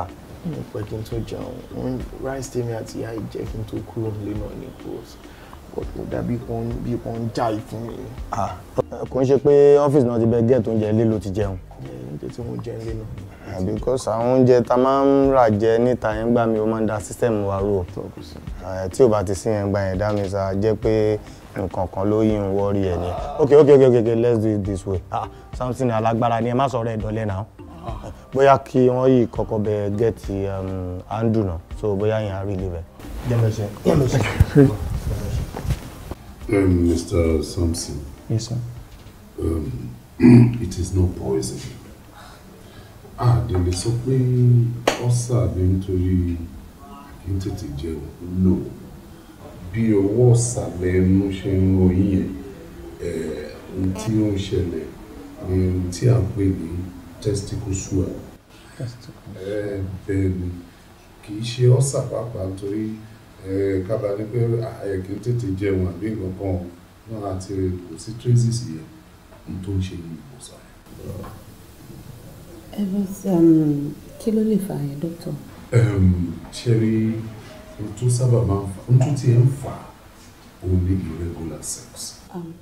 Speaker 2: mo pẹ́ kí n tó jẹun rice tèmi àti ìyá ìjẹ́ kí n tó kúrò nílé náà ní close but kò dàbí kan bí kan já ìfún mi. Ah, kò ń ṣe pé ọ́fíìsì náà ti bẹ gẹ́ẹ̀tì oúnjẹ ilé ló ti jẹun oúnjẹ tí wọ́n jẹ ń lé náà. Ah, because àwọn oúnjẹ tá a máa ń rà jẹ níta yẹn gbà mí ó máa ń da system wa rú o ah, tí ò bá ti sí yẹn gbà yẹn dá mi sá jẹ́ pé nǹkan kan ló yí ń wọ́rí ẹ̀ ni okay okay okay okay let's do it this way ah something alágbára ni ẹ má sọ̀rọ̀ ẹ̀ dọ̀lẹ́ náà bóyá kí wọ́n yìí kọ́kọ́ bẹ gẹ́ẹ̀tì um, andu náà so bóyá yẹn á rí ilé bẹ̀.
Speaker 9: Mr. Samson. Yes, sir. Um, *clears throat* it is not poison. a dè sọ pé ọ́sà ni nítorí kí n tètè jẹun lò bí ọwọ́ ọ̀sàlẹ̀ ẹnu ṣe ń ròyìn yẹn eh, ohun tí ó ń ṣẹlẹ̀ ni ohun tí à pè ní testicle swell eh, bẹ́ẹ̀ ni kì í ṣe pàápàá nítorí eh, kábà àbí nǹkan kan àti kò sí yẹn ohun tó
Speaker 3: Um, kí ló lè fà yẹn
Speaker 9: dókítà. Um, ṣe rí ohun tó sábà máa ń fà ohun tó tiẹ̀ ń fà òun ni irregular sex.
Speaker 3: Um,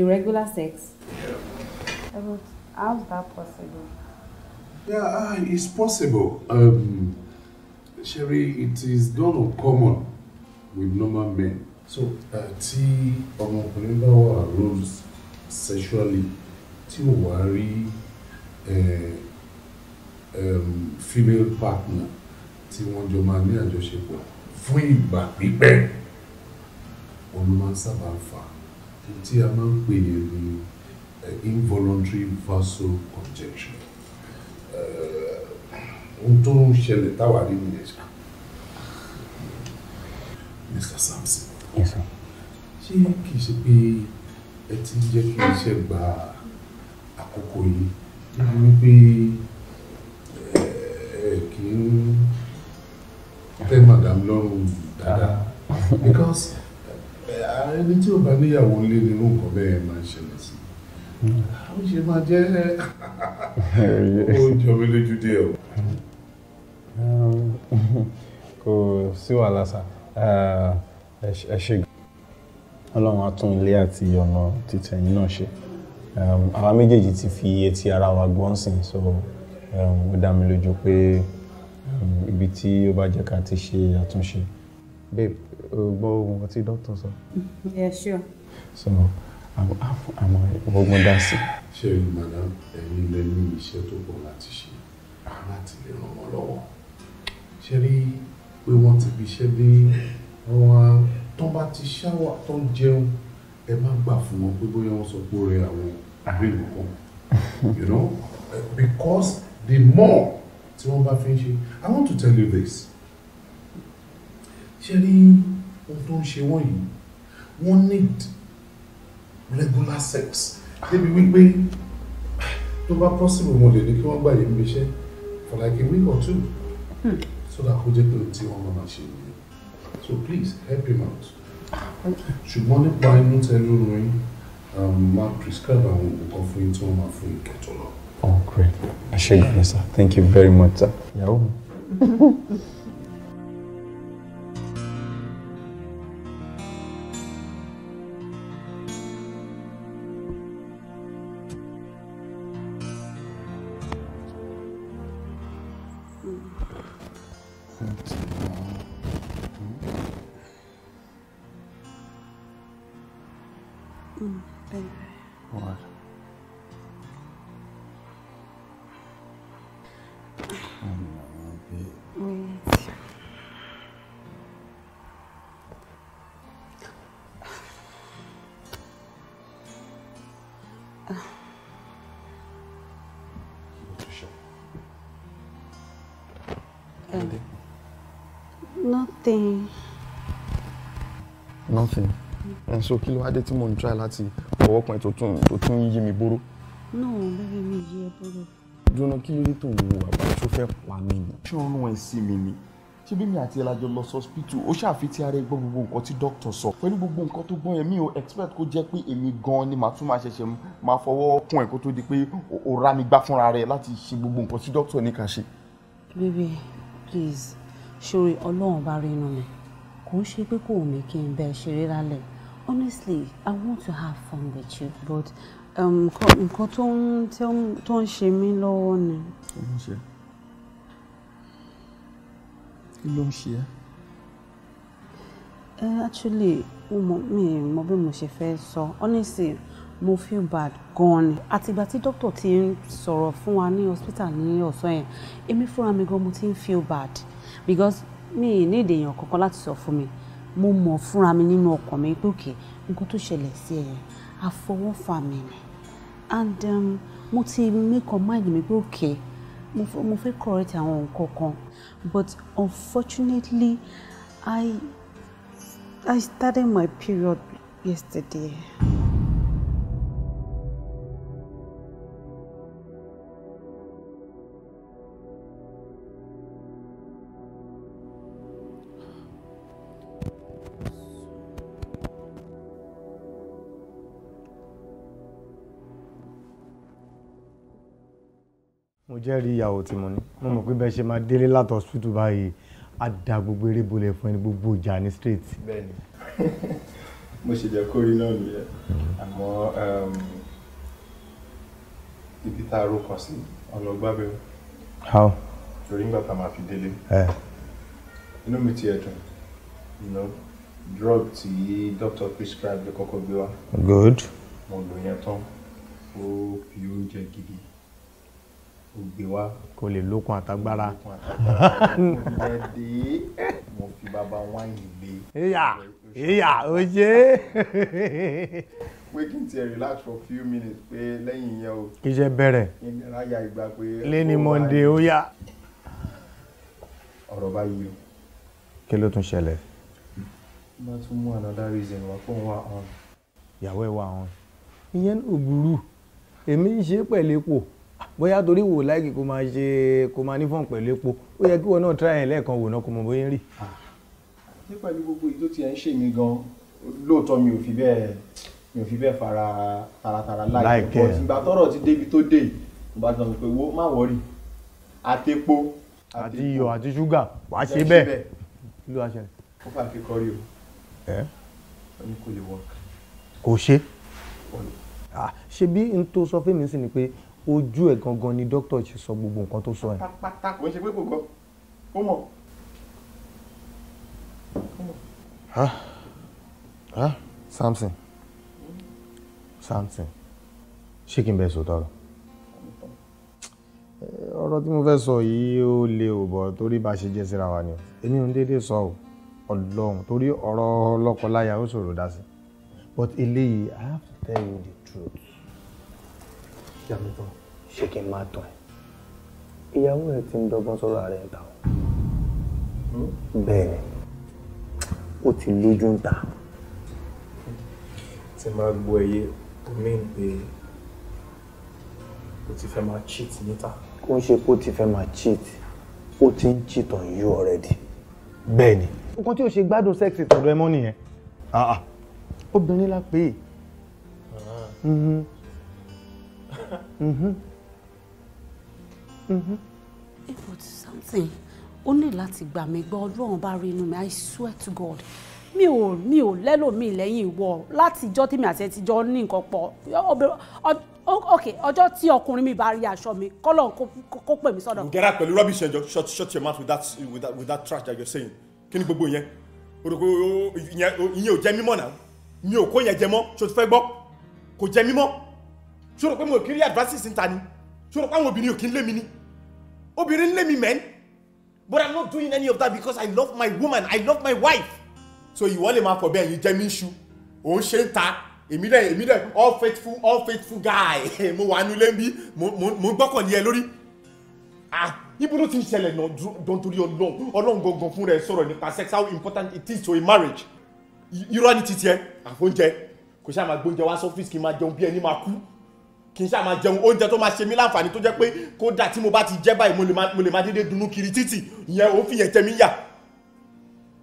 Speaker 3: irregular sex? Yeah. how's that possible?
Speaker 9: Yeah, uh, it's possible. Um, Sherry, it is not uncommon with normal men. So, uh, tí ọmọkùnrin bá wà aroused sexually, tí ò wá rí eh, Um, female partner tí wọ́n jọ máa ní àjọṣepọ̀ fún ìgbà pípẹ́ òun ló máa ń sábà fà á tí a máa ń pè é ní eh, involuntary vasocongestion eh, ohun tó ń ṣẹlẹ̀ táwa rí nìyẹn ṣá. Mr. Samson ṣé kì í ṣe pé ẹ ti jẹ́ kí iṣẹ́ gba àkókò yìí níbi wípé kì í tẹ́ madam lọ́rùn dáadáa because eh, ẹni tí ò bá níyàwó lé nínú nǹkan bẹ́ẹ̀ máa ń ṣẹlẹ̀ sí àwọn ṣe máa jẹ́ *laughs* ó jọ lójú dé o. kò sí wàhálà sá eh, ẹ ṣe gan.
Speaker 2: ọlọ́run á tún ilé àti ọ̀nà títẹ̀yìn náà ṣe eh, àwa méjèèjì ti fi etí ara wa gbọ́n sìn so ó dá mi lójú pé ibi tí ó bá jẹ́ ká ti ṣe àtúnṣe. babe o gbọ́ ohun tí dókítà
Speaker 9: sọ. ẹ ṣe o. so àwọn àwọn ọgbọ́n dá sí. ṣé rí madam ẹ̀yin lẹ́nu iṣẹ́ tó pọ̀ láti ṣe láti lè ràn wọ́n lọ́wọ́ ṣé rí pé wọ́n ti fi iṣẹ́ dé wọn tó bá ti ṣáwà tó ń jẹun ẹ má gbà fún wọn pé bóyá wọ́n sọ pé ó rẹ àwọn àbí ìlú kan you know because the more tí wọ́n bá fi ń ṣe i want to tell you this ṣe rí ohun tó ń ṣe wọ́n yìí wọ́n need regular sex débi wípé tó bá possible mo lè ní kí wọ́n gbàyè níbi iṣẹ́ for like a week or two hmm. so that kó jẹ́ pé tí wọ́n máa ṣe nìyẹn so please help him out ṣùgbọ́n nípa inú tẹ́lú orin um, máa prescribe àwọn oògùn kan fún yín tí wọ́n máa fún yín kẹ́tọ́ lọ.
Speaker 2: Oh, great. Ashegani, sir. *laughs* Thank you very much, sir.
Speaker 9: Yeah.
Speaker 10: *laughs*
Speaker 2: so kí ló wá dé tí mò ń try láti fọwọ́ kan tó tún yí mi bóró.
Speaker 3: náà bẹ́ẹ̀ mi yí ẹ bóró.
Speaker 2: dúró kí ló dé tó wo àbá tó fẹ́ pa mí ni. ṣé o ẹ sí mi ni ṣé bí mi àti ẹ lọ sọ́spítù ó ṣàfi tí ara ẹ gbọ́ gbogbo nǹkan tí dókítà sọ pẹ̀lú gbogbo nǹkan tó gbọ́ yẹn mi ò expect kó jẹ́ pé èmi gan-an ni màá tún máa ṣẹ̀ṣẹ̀ máa fọwọ́ kún ẹ̀ kó tó di pé o rá mi gbá fúnra rẹ láti ṣe gbogbo nǹkan tí dókítà ní ká ṣe.
Speaker 1: baby
Speaker 3: please ṣòro ọlọ́run bá rí inú mi kò ń ṣe pé kò mí kí n bẹ ṣeré lálẹ́ honestly i want to have fun with you but um, nǹkan tó ń tó ń ṣe mí lọ́wọ́ ni.
Speaker 4: kí ló ń ṣe
Speaker 2: kí ló ń ṣe ẹ́.
Speaker 3: Eh, actually mo mi mo bí mo ṣe fẹ́ sọ honestly mo feel bad gan ni àtìgbà tí doctor ti ń sọ̀rọ̀ fún wa ní hospital ní ọ̀sán yẹn èmi fúnra mi gan mo ti ń feel bad because mi ì ní èdè èèyàn kankan láti sọ fún mi mo mọ̀ fúnra mi nínú ọkàn mi pé òkè nǹkan tó ṣẹlẹ̀ sí ẹ̀ àfọwọ́fà mi ni and um, mo ti make up mind mi pé òkè mo fẹ́ correct àwọn nǹkan kan but unfortunately I I started my period yesterday.
Speaker 2: jẹ́rìí ìyàwó tí mo ní mo mọ̀ pé bẹ́ẹ̀ ṣe máa délé láti hospital báyìí á da gbogbo eré bolẹ̀ fún ẹni gbogbo ìjà ní straight. bẹ́ẹ̀ni *laughs* mo ṣe jẹ kórìí náà nìyẹn àmọ́ um, ibi tá a ro kàn sí ọ̀nà gbábẹ́ o. how. torí ńgbà tá a máa fi délé. Eh. inú mi ti ẹ̀dùn no drug tí doctor prescribed lè kọ́kọ́ gbé wa. good. mo lò yẹn tán ó fi oúnjẹ gidi ògbé wa kò lè lókun àtagbára ẹdẹ mo fi bàbá wáìnì lé. ìyá ìyá o pé kí n tiẹ̀ relax for few minutes pé lẹ́yìn yẹn o. iṣẹ́ bẹ̀rẹ̀ ìdárayá ìgbà pé. lẹ́ni monday ó yá. ọ̀rọ̀ báyìí o. kí ló tún ṣẹlẹ̀. bá tún mú another reason wá fún wa ọ̀hún. ìyàwó ẹ̀ wà ọ̀hún. ìyẹn ò burú èmi ń ṣe pẹ̀lú epo bóyá torí wò láìkì kó máa ṣe kó máa nífọ̀n pẹ̀lú epo ó yẹ kí wọn náà tíráyìn lẹ́ẹ̀kan wò náà kó mọ̀ bóyá rí. Ah. ní pẹ̀lú gbogbo èyí tó ti ń ṣe mí gan lóòótọ́ mi ò fi bẹ́ẹ̀ mi ò fi bẹ́ẹ̀ fara taratara láìpẹ́ bọ́ ìgbà tọ́rọ̀ ti débi tó dé ìgbà tó ń pè wo má wọrí àtepo àti iyọ̀ àti ṣúgà wàá ṣe bẹ́ẹ̀ kí ló wá ṣẹlẹ̀. ó fà fi kọrí o ó kò lè wọ. Ah, kò ṣe bí n tó sọ fún mi sí ni pé ojú ẹ̀ gangan ni dókítà ṣe sọ gbogbo nǹkan tó sọ yẹn. pátápátá kò ń ṣe pé kò gbọ́ ó mọ̀ ó mọ̀. ah ah Samson Samson ṣé kí n bẹ sòtọ́ rọ ọ̀rọ̀ tí mo fẹ́ sọ yìí ó le ò bọ̀ torí bá a ṣe jẹ́ síra wa ni o èmi ò ń dédé sọ o ọlọ́run torí ọ̀rọ̀ ọlọ́kọláya ó ṣòro dá sí but eléyìí I have to tell you the truth. Yeah, ṣé kí n máa tàn ẹ́ ìyàwó ẹ ti ń dọ́gbọ́n sọ̀rọ̀ ààrẹ ta o
Speaker 4: hmm? bẹ́ẹ̀ ni
Speaker 2: ó ti lójú ń ta. tí máa gbọ́ ẹyẹ tó mìíràn pé o ti fẹ́ máa cheat níta. ó ń ṣe pé o ti fẹ́ máa cheat ó ti ń cheat on you already. bẹ́ẹ̀ ni. nǹkan tí o ṣe gbádùn sẹ́ẹ̀sì tọ̀dọ̀ ẹ mọ́ nìyẹn obìnrin la pè é. Ah. Mm-hmm. *laughs* Mm-hmm. Mm-hmm. but
Speaker 3: something only ní láti gbà mí gbọ́ ọlọ́run bá rí mi i swear to god mi ò mi ò lẹ́lòmíì lẹ́yìn ìwọ láti ìjọ́ tèmi àti ẹtijọ́ ní nǹkan pọ̀ okay ọjọ́ tí ọkùnrin mi bá rí aṣọ mi kọ́lọ̀ kó pè mí sọ́dọ̀.
Speaker 2: ǹgẹ́rà pẹ̀lú rubbish ẹ̀jọ̀ eh, shut shut your mouth with that with that with that trash that you're saying kí ni gbogbo yẹn o rò pé ìyẹn ò jẹ́ mímọ́ náà mi ò kó yẹn jẹ mọ́ ṣo ti fẹ́ gbọ́ kò jẹ́ mímọ́ ṣo rò pé mo kiri advances ń ta ni ṣo rò pé àwọn obìnrin ò kí ń lé mi ni obìnrin lé mi mẹ́n but i'm not doing any of that because i love my woman i love my wife so ìwọ lè máa fọ bẹ́ẹ̀ yín jẹ́ mi ṣu òun ṣe ń ta èmi dẹ̀ èmi dẹ̀ all faithful all faithful guy *laughs* mo wà nulẹ̀ bí mo gbọ́kànlé ẹ lórí ah ibi ló ti ń ṣẹlẹ̀ náà dùn torí ọlọ́run ọlọ́run gangan fún rẹ̀ sọ̀rọ̀ nípa sex how important it is to a marriage irọ́ ni titi ẹ àfóúnjẹ kò ṣáà máa gbóúnjẹ wá sọ́fíìsì kì í máa jẹun bí ẹni máa kú kì í ṣáà máa jẹun oúnjẹ tó máa ṣe mí láǹfààní tó jẹ́ pé kódà tí mo bá ti jẹ́ báyìí mo lè máa dédé dunú kiri títì ìyẹn ò fi yẹn jẹ mí yà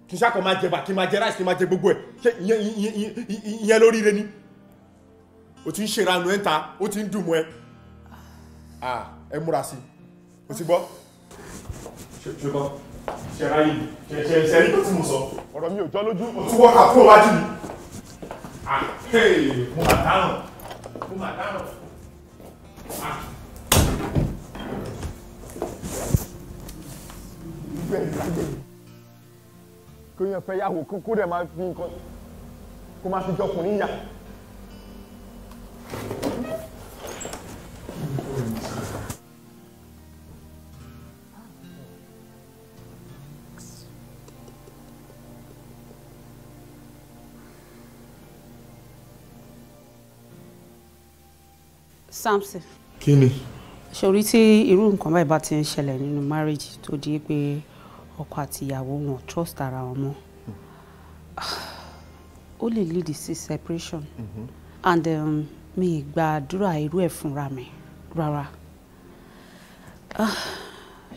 Speaker 2: kì í ṣáà kọ́ máa jẹ bà kì í máa jẹ ráìsì kì í máa jẹ gbogbo ẹ̀ ṣé ìyẹn lóríire ni o ti ń ṣe ìranu ẹ̀ ń ta o ti ń dùn mọ́ ẹ ẹ múra sí o ti gbọ́. ṣe gbọ́ ṣe ráyè ṣe ṣe rí tó ti mú sọ. ọ̀rọ̀ mi ò jọ lójú o ti wọ́n kà fún iwájú mi. mo mà dáhùn mo mà dáhùn kó yẹn fẹ́ yàwó kó máa fi nǹkan kó máa fi jọkùnrin yà.
Speaker 3: Samson kí ni. sori tí irú nǹkan báyìí bá ti ń ṣẹlẹ̀ nínú marriage tó di pé ọkọ àti ìyàwó wọn trust ara wọn mọ́ *sighs* ó lè lead sí separation mm-hmm. and um, mi gba àdúrà irú ẹ̀ fúnra mi rárá ah,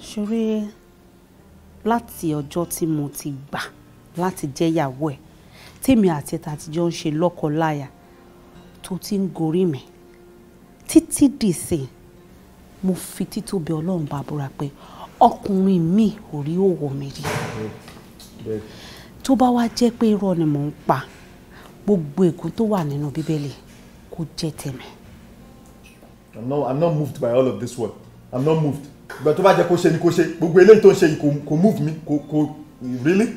Speaker 3: sori láti ọjọ́ tí mo ti gbà láti jẹ́ ìyàwó ẹ̀ tèmi àti ẹ̀ta ń ṣe lọ́kọ tó ti ń gorí mi títí dìsìn mo fi títóbi ọlọ́run bá pé ọkùnrin mi ò rí òwò mi rí tó bá wá jẹ́ pé irọ́ ni mò ń pa gbogbo ègún tó wà nínú bíbélì kó jẹ́ tèmi.
Speaker 2: I'm not, I'm not moved by all of this word. I'm not moved. But tó bá jẹ́ kó ṣe ni kó ṣe gbogbo eléyìí tó ń ṣe yìí kò move mi kò kò really.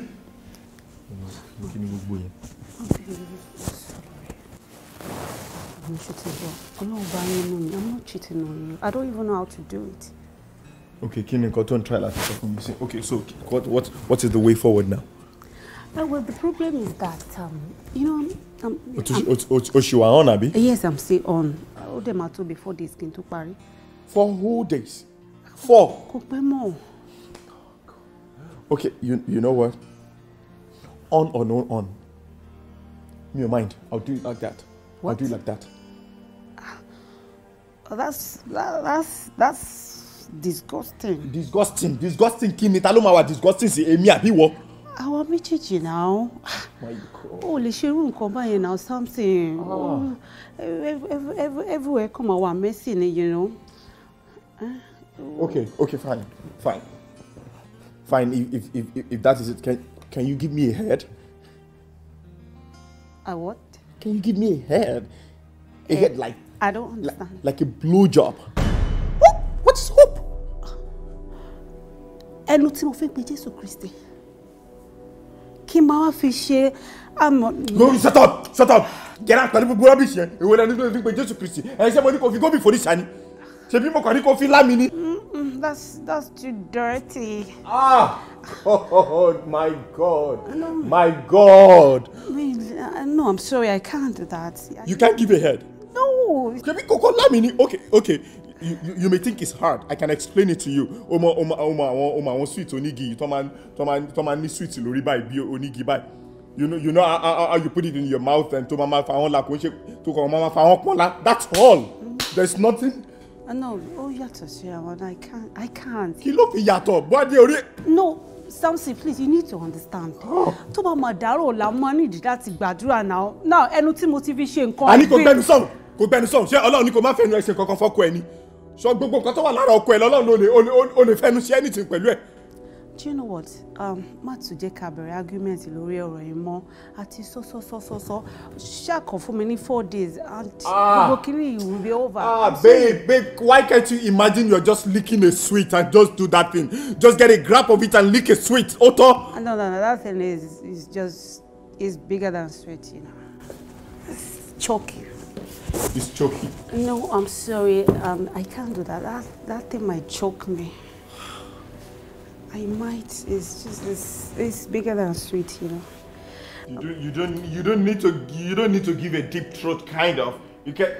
Speaker 3: I'm ṣe ti bọ̀ ọlọ́run bá yín mú mi i'm not cheating on you i don't even know how to do it.
Speaker 2: okay kí go to tó ń try láti okay so what what what is the way forward now.
Speaker 3: Uh, well, the problem is that, um, you know, um, but I'm,
Speaker 2: o ṣì wà on, Abby? Yes, I'm still on.
Speaker 3: Ó dẹ̀ máa tó before days kí to
Speaker 2: tó Four whole days? Four? Kò pẹ́ Okay, you, you know what? On or no on, me your mind, I'll do it like that. What? I'll do it like that
Speaker 3: that's that, that's that's
Speaker 2: disgusting. disgusting disgusting kí ni ta ló máa wà disgusting sí èmi àbí ìwọ.
Speaker 3: àwọn méjèèjì náà o lè ṣe irú nǹkan báyẹn náà something ah. everywhere kàn máa wà messy ni you
Speaker 2: know. Eh? okay okay fine fine fine if if if if that is it can can you give me a head.
Speaker 10: a
Speaker 3: what. can you give me a head a head eh. like I don't understand.
Speaker 2: Like, like a blue job.
Speaker 3: Hope? What is hope? Ẹnu tí mo fi ń pe Jésù Kristi. Kí n máa wá fi ṣe àmọ́.
Speaker 2: No, shut up! Shut up! Get out pẹ̀lú gbogbo rubbish yẹn. Èwo lẹni tó fi ń pe Jésù Kristi. Ẹ ṣé mo ní kò fi gómìn fòríṣà ni? Ṣebí mo kàn ní kò fi lámì ni? That's that's too dirty. Ah! *laughs* Oh, oh, oh my God! No. My
Speaker 9: God!
Speaker 3: Wait, no, I'm sorry, I can't do that. I you
Speaker 2: can't give a head. No. Ṣebí cocoa. lámì ni. Okay, okay. You, you, you may think it's hard. I can explain it to you. Ọmọ ọmọ ọmọ àwọn ọmọ àwọn sweet onígi yìí tó máa tó sweet lórí báyìí bí onígi báyìí. You know you know how, how, how you put it in your mouth and tó máa máa fa àwọn la kò ń ṣe tó kàn máa máa fa àwọn That's all. There's nothing.
Speaker 3: No, ó yàtọ̀ síra wọn. I can't. I can't. Kí
Speaker 2: ló fi yàtọ̀? Bọ́dé orí.
Speaker 3: No. Samson, please, you need to understand. Tó bá máa dàrò la máa nídìí láti gbàdúrà náà. Now ẹnu tí mo ti fi ṣe nǹkan. A ní kò gbẹnu sọ̀rọ̀
Speaker 2: kò gbẹnu sọ̀rọ̀ ṣé ọlọ́run ni kò má fẹnu ẹ̀ kankan fọ́kọ ẹni sọ gbogbo nǹkan tó wà lára ọkọ ẹ lọ́lọ́run ò lè fẹnu ṣe anything pẹ̀lú ẹ̀. do you know
Speaker 3: what um, má tún jẹ́ ká bẹ̀rẹ̀ argument lórí ọ̀rọ̀ yìí mọ́ àti sọ́sọ́sọ́sọ́sọ́ ṣàkàn fún mi ní four days and ah. gbogbo kiri will be over. ah babe
Speaker 2: babe why can't you imagine you're just licking a sweet and just do that thing just get a grab of it and lick a sweet ó tọ́.
Speaker 3: no no no that thing is is just is bigger than sweet you know choking. It's choking. No, I'm sorry. Um, I can't do that. That, that thing might choke me. I might. It's just this. it's bigger than sweet, you know.
Speaker 2: You don't, you don't you don't need to you don't need to give a deep throat kind of. You can.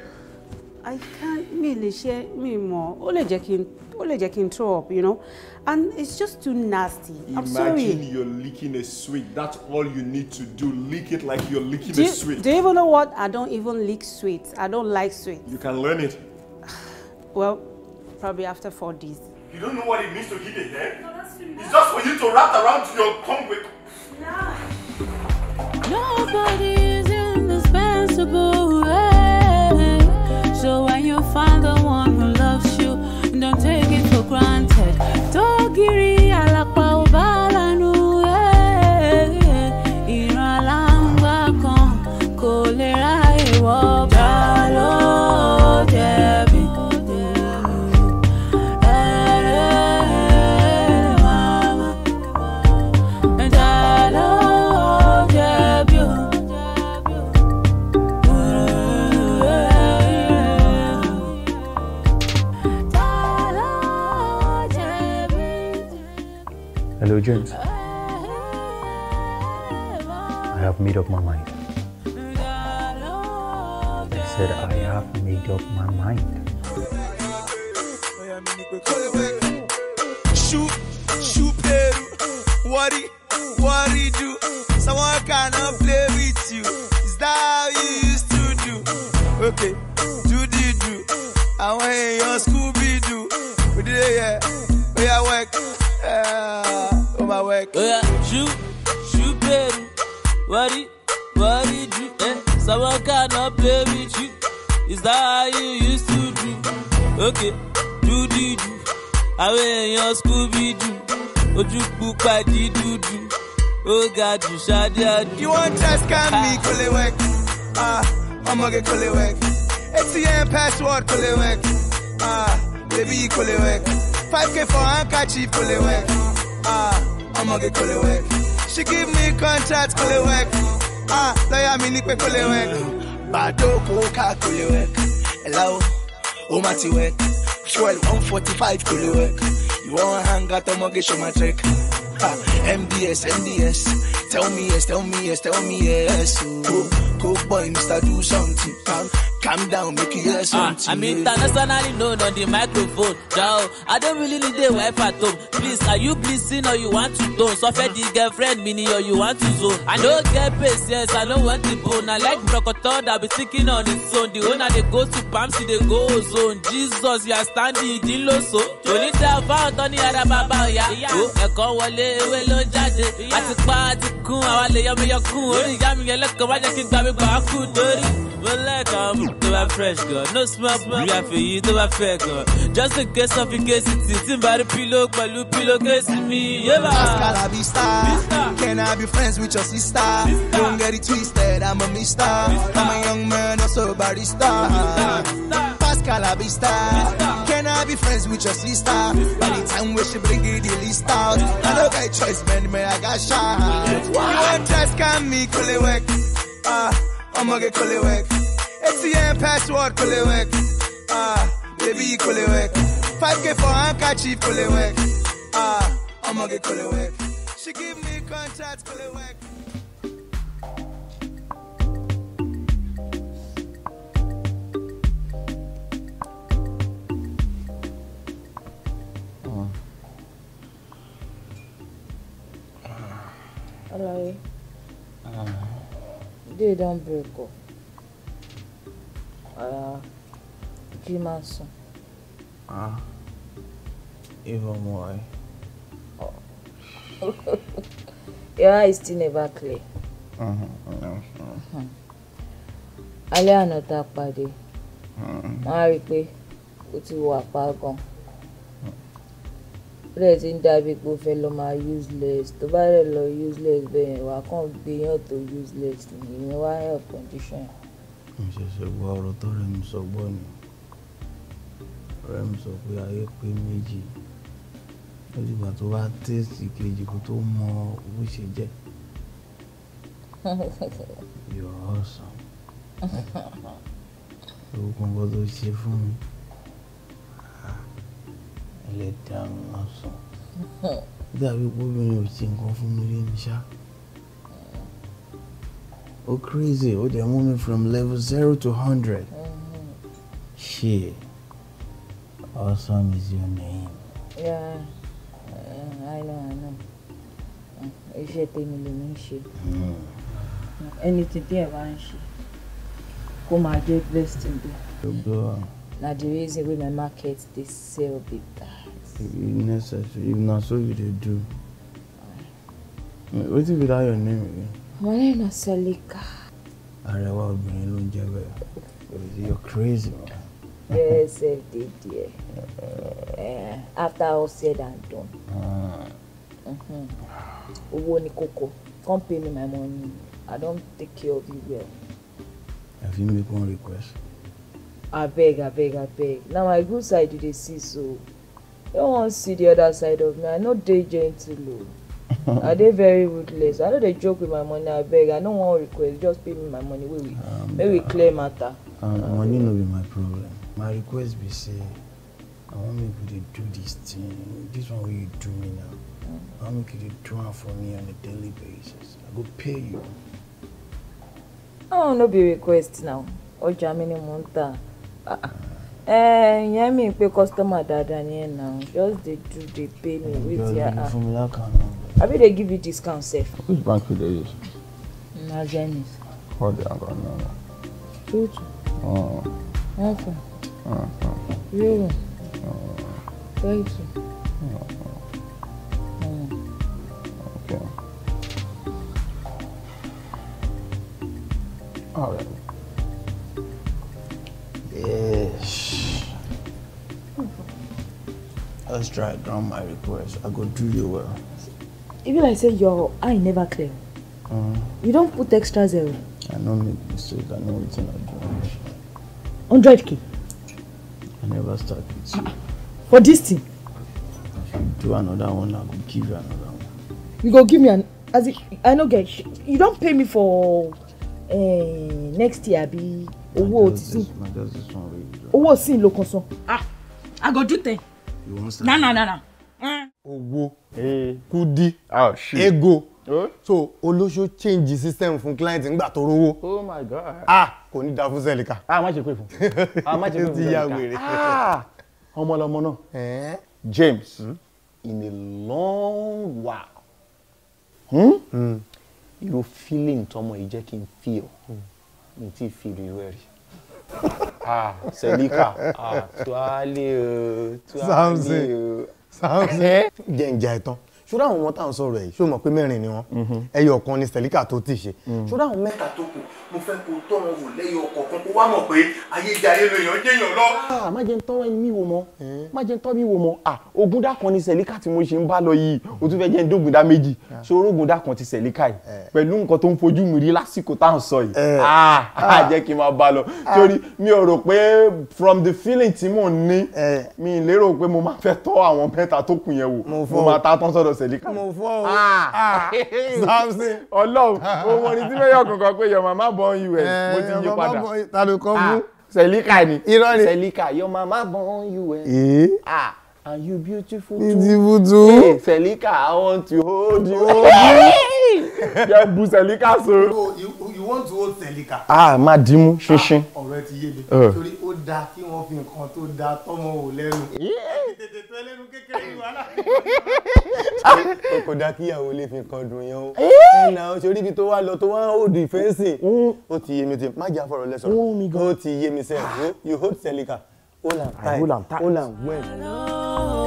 Speaker 3: I can't. Me, lè Me, more. Only Ó Only lè can throw up you know and it's just too nasty imagine i'm sorry.
Speaker 2: you're licking a sweet that's all you need to do lick it like you're licking do you, a sweet. do
Speaker 3: you even know what i don't even lick sweets i don't like sweets.
Speaker 2: you can learn it.
Speaker 3: well probably after four days.
Speaker 2: you don't know what it means to give a head. No, that's too it's just for you to wrap around your tongue with. Nobody is
Speaker 1: indispensable. Hey. Eh? So when you find the granted. Dogiri.
Speaker 8: Someone cannot play with you. Is that how you used to do? Okay, do do do. I went in your Scooby Doo. We did it, yeah. We are work. Uh, oh, my work. Oh, yeah. Shoot, shoot, baby. What did, what did you, eh? Someone cannot play with you. Is that how you used to do? Okay, do do do. I went in your Scooby Doo. Ojú pupa do do. Oh God, you shot You want trust? can me, Kulewek. Ah, I'm gonna get Kulewek. ATM password, Kulewek. Ah, baby, Kulewek. 5K for handkerchief, Kulewek. Ah, I'm gonna get Kulewek. She give me contract, Kulewek. Ah, lawyer, me nipe, Kulewek. Badoko, ka, Kulewek. Hello, Omatiwek. Fuel 145, Kulewek. You wanna hang out, I'm gonna get you my trick. Ah. MDS, MDS. Tell me yes, tell me yes, tell me yes. Cool, cool boy, Mr. Do something. Calm, calm down, make you hear ah, something. Uh, I'm internationally
Speaker 5: known on the microphone. Jow, I don't really need a wife at home. Please, are you blessing or you want to do So Suffer the girlfriend, mini or you want to zone. I don't get patience, I don't want the bone. I like Brocotor that be sticking on its own. The owner they go to Pamsi, they go zone. Jesus, you are standing in the low so. Only the fountain, the other baba, yeah. Oh, I with Wale, ló ń jáde àtìpá àtìkún àwa lè yọmọyọkún orí ìyá mi yẹn lẹ́kọ̀ọ́ wájà kí gbàmígbà wá kú dórí. But like I'm
Speaker 8: to a fresh girl. No smell, We have for you to a fair girl. Just a case of in case it's sitting by the pillow, but you pillowcase in me. Yeah, Pascal, I be star. Can I be friends with your sister? Don't get it twisted, I'm a mister. mister. I'm a young man, also barista. Pascal, I be star. Can I be friends with your sister? sister. By the time we should bring it, the list out. Mister. I don't got choice, man, man, I got shot. You want just can me, cool it work. Uh, omage kule wek S C M password kule wek Ah, baby kule wek 5k for handkerchief kule wek Ah, omage kule wek She give me contract kule wek
Speaker 6: Hello. they don break up uh, jimason.
Speaker 4: ah even more.
Speaker 6: Oh. *laughs* your eyes still never clear.
Speaker 4: Mm-hmm. Mm-hmm. Hmm.
Speaker 6: alẹ́ àná tá a pàdé wọ́n mm-hmm. á rí i pé ó ti wà pa gan-an ó dẹ̀ ti ń pé ó fẹ́ lọ máa useless tó bá dẹ̀ lọ useless bẹ́ẹ̀ yẹn wà kàn gbé yàn tó useless ìyẹn wá health
Speaker 4: condition. mo ṣẹ̀ṣẹ̀ gba ọ̀rọ̀ tó rẹ̀ mi sọ gbọ́ ni ọ̀rẹ́ mi sọ pé ayé pé méjì lójúgbà tó bá tẹ̀sí kejì kó tó mọ bó ṣe jẹ́ *laughs* yọ̀ sàn lórúkọ nǹkan ṣe fún mi ẹlẹ́dàá wọn sùn hmm. dàbí gómìnà ò ti nǹkan fún mi rí mi ṣá ó crazy ó dẹ̀ mú mi from level zero to hundred hmm. ṣe awesome is your name.
Speaker 6: Yeah, I know, I know. Hmm, iṣẹ́ tèmi lèmi ń ṣe ẹni tí díẹ̀ bá ń ṣe kó máa jẹ́ best in
Speaker 4: there
Speaker 6: na the reason wey my market dey sell be
Speaker 4: that. e necessary if na so you dey do wetin be that your name again.
Speaker 6: my name na Selika.
Speaker 4: arẹwà obìnrin ló ń jẹ bẹ́ẹ̀ you crazy man.
Speaker 6: yes ẹ dey there uh, after all said and done. Uh owó ni kókó come pay me my money i don take care of you well.
Speaker 4: i fit make one request
Speaker 6: abeg abeg abeg na my good side you dey see so you no wan see the other side of me i no dey gentle o oh. i dey very ruthless i no dey joke with my money abeg i no wan request just pay me my money wey we
Speaker 4: um, make we clear matter. Um, um, money no be my problem my request be say i wan make we dey do this thing This one wey you do me now i wan make you dey do am for me on a daily basis i go pay you.
Speaker 6: oh no be request now ọjà mi ni mò ń tà. Ah, eh, ìyẹn mi pé customer dáadáa ni ẹ na just dey do dey pay me with their app
Speaker 4: ah.
Speaker 6: abi dey give you discount sef.
Speaker 4: which bank you dey use.
Speaker 6: na zenith.
Speaker 4: call the bank on number. two two. Oh.
Speaker 10: one four.
Speaker 6: zero.
Speaker 11: three two.
Speaker 10: Oh, oh, hmm.
Speaker 4: Okay. All right. Just try down my request. I go do you well.
Speaker 6: Even like say your eye never clear. Mm. You don't put extra zero.
Speaker 4: I no make mistake. I know it's not good. Hundred k. I never start with you. For this thing. If you do another one, I go give you another one.
Speaker 5: You go give me an as if I know, get. You don't pay me for uh, next year Be. abi
Speaker 2: owó òtítù
Speaker 5: owó òsín ló kàn san. Ah,
Speaker 6: I go do thing you wan sabi. na na na na. Mm.
Speaker 2: owó eh, kudi ah, ego oh. so olóṣó change system fún client nígbà tó rówó oh my god ah kò ní da fún sẹ́líkà. a ah, má ṣe pé fún a ah, má ṣe pé *laughs* fún sẹ́líkà ọmọlọmọ náà eh? James hmm? in a long while hmm? mm. irú feeling tọmọ yìí jẹ́ kí n feel hmm. mi ti feel irú ẹ̀ *laughs* ah Selika ah tuale o tuale o. Samson eh? Samson. Eh? jẹ́ ǹjà ẹ̀tàn ṣúra àwọn ọmọ tá sọ̀rọ̀ yìí ṣó pé mẹ́rin ni wọ́n mhm. ẹyọ kan ni Sẹ̀líkà tó ti ṣe mhm. ṣúra àwọn mẹ́ta tó kù mo fẹ́ kó tọ́ wò lẹ́yọ kọ̀ọ̀kan kó wá mọ̀ pé ayéjayé ló yàn jẹ́yàn lọ. Ah, má jẹ́ ń tọ́ mi wò mọ́ má jẹ́ ń tọ́ ah, mi wò mọ́ ogúndà kan ni Sẹ̀líkà tí mo ṣe ń bá lọ yìí mhm. o tún fẹ́ jẹ́ ń méjì ah. ṣòro ogúndà kan ti Sẹ̀líkà yìí pẹ̀lú nǹkan tó ń fojú from the feeling tí mò ń ní mi lérò pé mo máa fẹ́ tọ́ ọ̀sẹ̀ líka. mo
Speaker 9: fọ́ o ah,
Speaker 2: ah. Ah, samson ọlọ́run *laughs* ohun orin tí mẹ́yọ̀ kankan pé your mama born you ẹ̀ eh, mo ti eh, yí padà ta ló kọ́ mú. sẹ̀líkà ni sẹ̀líkà your mama born you ẹ̀. Eh. Are you beautiful too? Beautiful too. Hey, Selika, I want to hold you. Yẹ bu Selika so. No, oh, you, you want to hold Selika. Ah, máa dìímú ṣinṣin. Ah, Ọ̀rọ̀ ẹ ti yé mi. Torí ó dáa kí wọ́n fi nǹkan tó dáa tọ́mọ wò lẹ́nu. Tètè tó ẹlẹ́nu kékeré yìí wàhálà. Ah! Kò dáa kí ìyàwó lè fi nǹkan dùn yẹn o. Ẹ̀nà oṣooṣi ibi tó wá lọ tó wá ń hold ìfẹ́ǹsì. Mm. Ó ti yé mi ti, má jà fọ̀rọ̀ lẹ́sọ̀rọ̀. Ó ti yé mi sẹ́yìn. Ah. You hold Selika. All and tight. tight.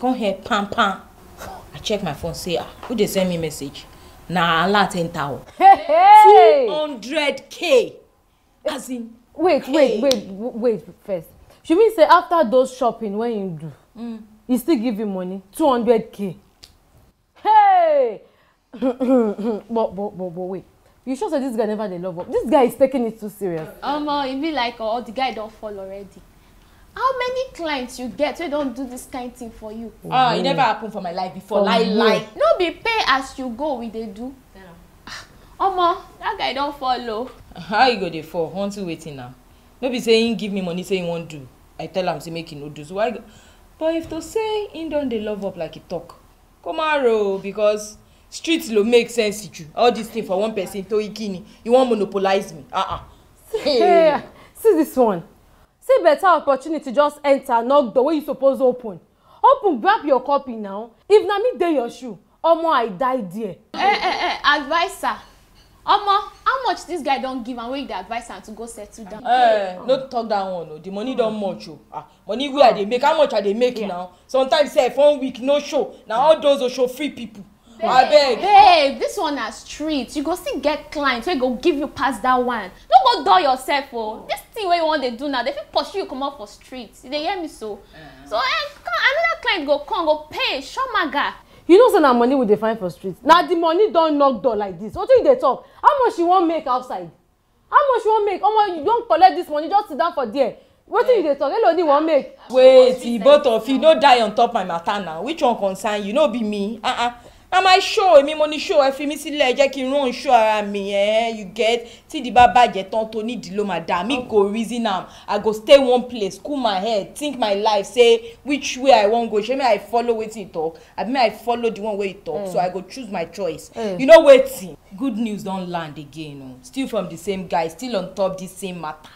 Speaker 6: come here, pam pam i check my phone say ah who they send me message na alert enter o
Speaker 7: two hundred k as in. wait wait wait wait first she mean say after those shopping wey you
Speaker 10: do mm.
Speaker 3: you still give him money two hundred k hey *coughs* but but but but wait you sure say this guy never dey love up this guy is taking it too serious.
Speaker 7: omo um, e be like oh, the guy don't fall already how many clients you get wey don do this kind thing for you. oh uh, e never happen for my life
Speaker 11: before lie lie.
Speaker 7: no be pay as you go we dey do ah, omo dat guy don fall o.
Speaker 6: how you go dey fall unto wetin na no be say him give me money say he wan do i tell am say make he no do so why go
Speaker 11: but if to say him don dey love up like he talk Come on, komaro because street lo make sense to you. all this thing for one person to ikini you wan monopolize me ah ah.
Speaker 3: *laughs* See, see this one see better opportunity just enter knock door wey you suppose open open grab your copy now if na me dey your shoe omo i die there.
Speaker 7: eh eh eh, eh adviser omo how much dis guy don give am wey you dey advise am to go settle down. eh uh,
Speaker 11: no talk that one o the money don much o oh. ah money wey i dey make how much i dey make yeah. now sometimes sef one week no show na all those oh, free people abeg
Speaker 7: babe this one na street you go still get clients wey go give you pass that one no go dull yourself o oh. this thing wey you wan dey do now dey fit pursue you comot for street you dey hear me so uh -huh. so eh, another client go come go pay shomaga.
Speaker 3: you know say na money we dey find for street na the money don knock door like this wetin you dey talk how much you wan make outside how much you wan make omo
Speaker 7: you don collect this money just sit down for there wetin you dey talk eloni wan make.
Speaker 11: wait both of you no die on top my matter now which one concern you no be me uh -uh na my show èmi mo ní show ẹ fi mí sílẹ̀ jẹ́ kí n rán show ara mi eh, you get tí di bá bàjẹ́ tán tó nídìí
Speaker 6: ló máa dà mí go reason am i go stay one place cool my head think my life say which way i wan go ṣé may i follow wetin you talk abi may i follow the one wey you talk mm. so i go choose my choice mm. you know wetin good news don land again o oh. still from the same guy still on top the same matter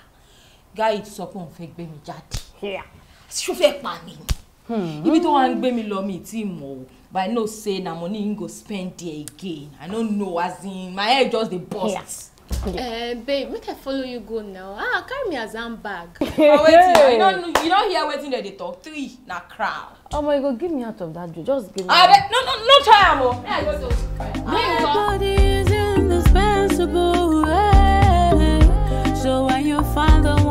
Speaker 6: guy sọ pé òun fẹ́ gbé mi jáde
Speaker 7: ṣó fẹ́ pa mi ni.
Speaker 6: Hmm. ibi tó wàá ń gbé mi lọ mi ti mọ̀ but i know say na money you go spend there again i no know as in my head just dey burst.
Speaker 7: Uh, eh, babe make i follow you go now ah carry me as handbag. *laughs* oh wetin you don't you don hear wetin dem dey talk three na crowd. omo you go give me out of that joke just give me. Ah, abeg no no no try am o. Ah.
Speaker 8: everybody
Speaker 1: is indispensable. Hey, eh. so when you find the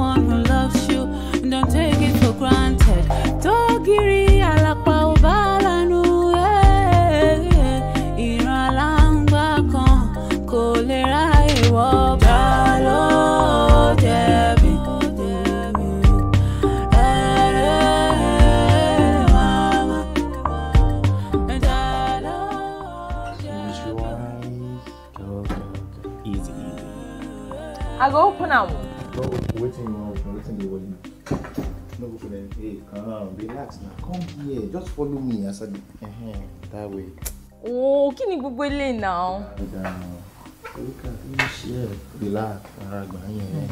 Speaker 6: I go open am. No,
Speaker 2: wetin you uh, wan open, wetin dey worry you? No go for Hey, calm, down. relax na, come here, just follow me as I dey. Uh-huh, that way.
Speaker 7: Oh, kí ni gbogbo eléyìí náà?
Speaker 2: Orúkọ relax, ara àgbà yẹn.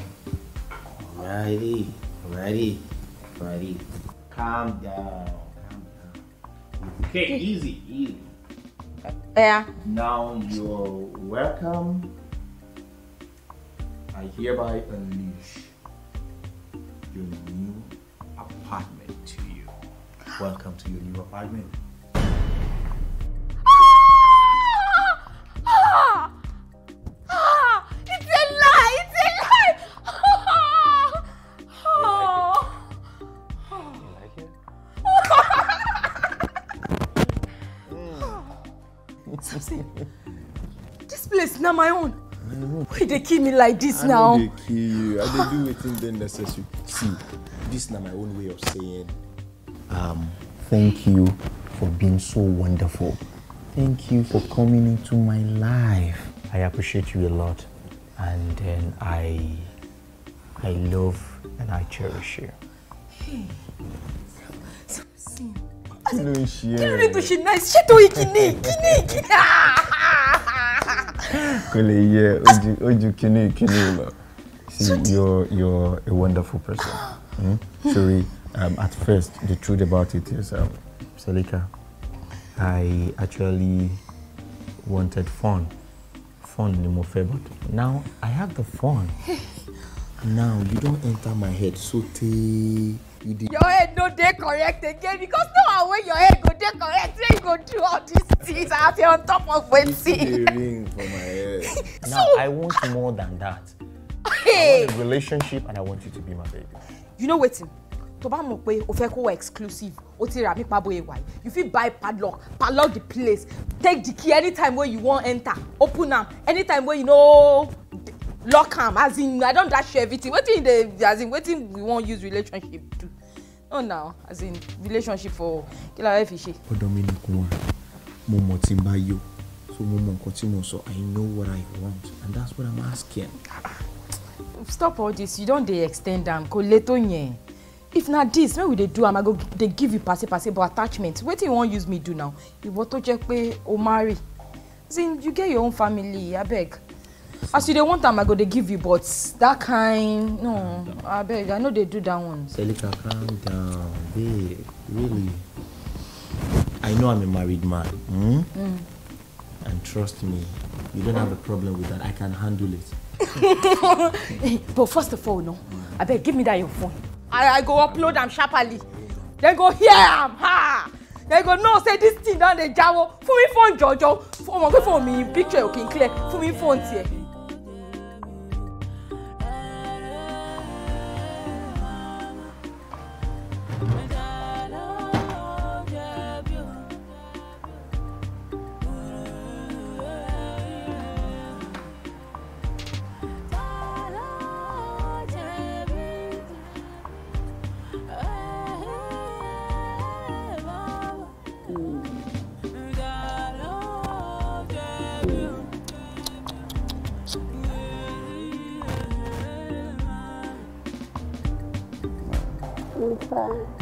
Speaker 4: Hmm. Calm down,
Speaker 2: Okay, easy, easy. Yeah. Now you're welcome. I hereby unleash your new apartment to you.
Speaker 4: Welcome to your new apartment.
Speaker 11: this place is not my own. Why they kill me like this I now? Know they
Speaker 2: kill you. I they do waiting then necessary. See, this is not my own way of saying. Um, thank you for being so wonderful. Thank you for coming into my life. I appreciate you a lot, and then I, I love and I cherish you. Hey, so, so kí ló ń ṣe ẹ kí ló dé ìkíní
Speaker 11: ìkíní ìkíní
Speaker 2: kò yẹ ojú ojú kíní ìkíní see you're you're a wonderful person mm? sorry um, at first the truth about it is um, Selika I actually wanted fun fun ni mo fẹ́ now I have the fun now you don't enter my head so tey. you dey.
Speaker 11: your head no dey correct again
Speaker 7: because no one wey your head go dey correct wey you go do all these things as you on top of wetin.
Speaker 2: the ring for my head. *laughs* so, now i want more than that. Hey. i want a relationship and i want you to be my baby.
Speaker 7: you know wetin To bá mọ̀ pé o fẹ́ kó wá exclusive o ti rà mí pabo ewa yìí you fit buy padlock padlock the place take the key anytime wey you wan
Speaker 11: enter open am anytime wey you no lock am as in i don dash you everything wetin you dey as in wetin we wan use relationship do oh now as in relationship for kila la fẹ́ fi ṣe.
Speaker 2: ọ̀dọ̀ mi nìkan wà mo mọ̀ tí n bá yọ so mo mọ̀ nǹkan tí mo sọ i know what i want and that's what i'm asking.
Speaker 6: stop all this you don dey extend am kò le tó yẹn if na this wey we dey do am i go dey give you pase pase but attachment wetin you wan use me do now ìwọ tó jẹ́ pé o marry as in you get your own family abeg as you dey want am i go dey give you but that kind no abeg i no dey do that one.
Speaker 4: selika calm down babe really i know i'm a married man mm? Mm. and trust me you don't have a problem with that i can handle it.
Speaker 3: *laughs* but first of
Speaker 7: all no abeg give me that your phone
Speaker 11: i i go upload am sharply dem go hear am ha dem go know say dis thing don dey jawo fún mi phone jọjọ ọmọ pé phone mi picture ò kì í clear fún mi phone tiẹ̀.
Speaker 10: 对。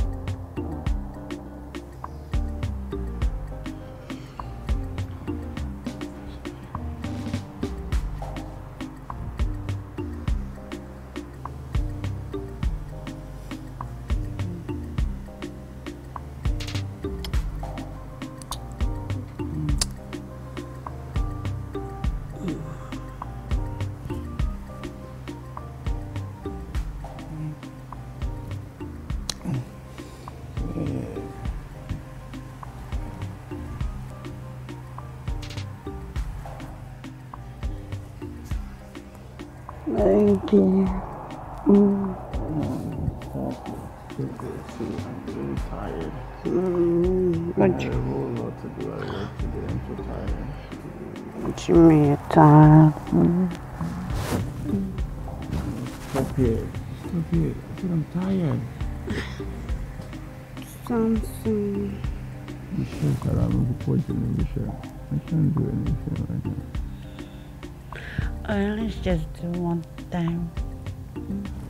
Speaker 3: just do one time.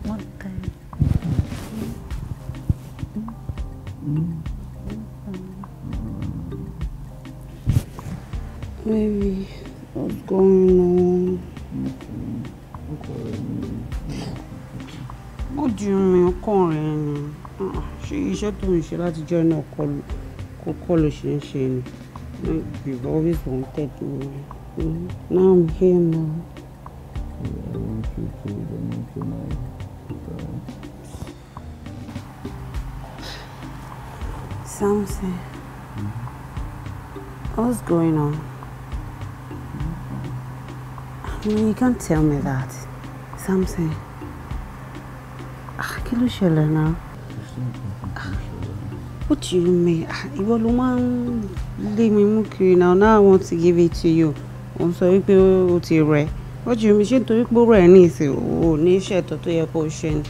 Speaker 3: One time. Maybe what's going on? What do you mean, ọkùnrin ni? Ah, ṣé iṣẹ́ tó ń ṣe láti jẹ́ náà kọ́ kọ́ ló ṣe ń ṣe ni? You've always wanted to.
Speaker 4: Now I'm here now. I want you to then you tonight. Goodbye.
Speaker 3: Samson, mm -hmm. what's going on? Mm -hmm. I mean, you can't tell me that. Samson, ah, kí ló ṣẹlẹ̀ now? What do you mean? You ah, ló máa ń lé mi now. Now I want to give it to you. I'm sorry, wípé ó ti rẹ̀ ó jù mí ṣé nítorí gbóró ẹ̀ ní ìsìn ò ní iṣẹ́ ẹ̀tọ́ tó yẹ kó o ṣe ni.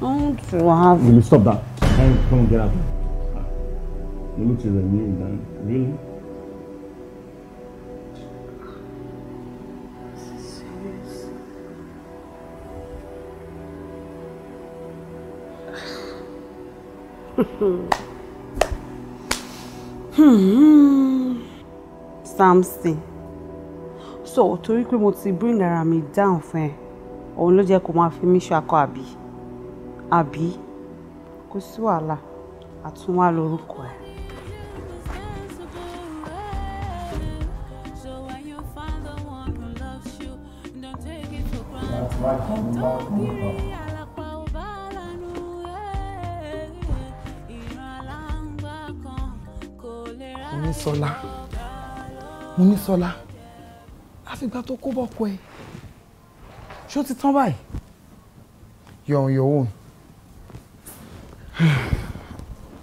Speaker 3: Will
Speaker 2: you stop that? Come, come get out. You look to renew that. Really?
Speaker 3: hmm. Samson so torí pé mo ti bring ara mi down fún ẹ òun ló jẹ́ kó máa fi mí ṣakọ àbí àbí kò sí wàhálà àtúnwá lórúkọ ẹ.
Speaker 5: Onísọlá mo ní sọlá àfìgbà tó kó bọ́kọ ẹ ṣó ti tán báyìí you're on your own.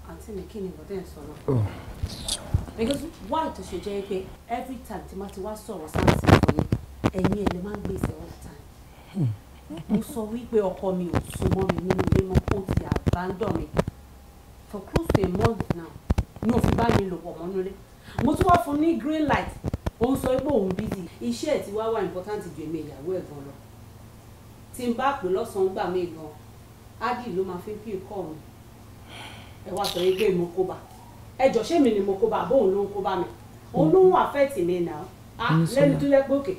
Speaker 3: àǹtí mi kí ni bọ́dẹ̀ ń sọ náà. Oh. because why tó ṣe jẹ́ pé every time tí ma ti wá sọ̀rọ̀ sáǹsì fún yín ẹ̀yin ẹ̀ lè máa ń gbèsè all the time. Hmm. mo sọ wípé ọkọ mi ò súnmọ́ mi nínú ilé mọ́ kó ti abandon mi for close to a month now ni òfin bá mi lò pọ̀ mọ́nú lé mo tún wá fún ní green light òun sọ pé òun bízì iṣẹ́ ẹ̀ ti wá wà important ju èmi ìyàwó ẹ̀ gan lọ tí n bá pè lọ́sàn-án gbà mí gan ádì ló máa fi ń pè kọ́ mi ẹ wá sọ pé mo kó bá ẹ jọ ṣé mi ni mo kó bá bóun ló ń kó bá mi òun ló ń affect mi náà a ah, lẹ́nu tó lẹ́ òkè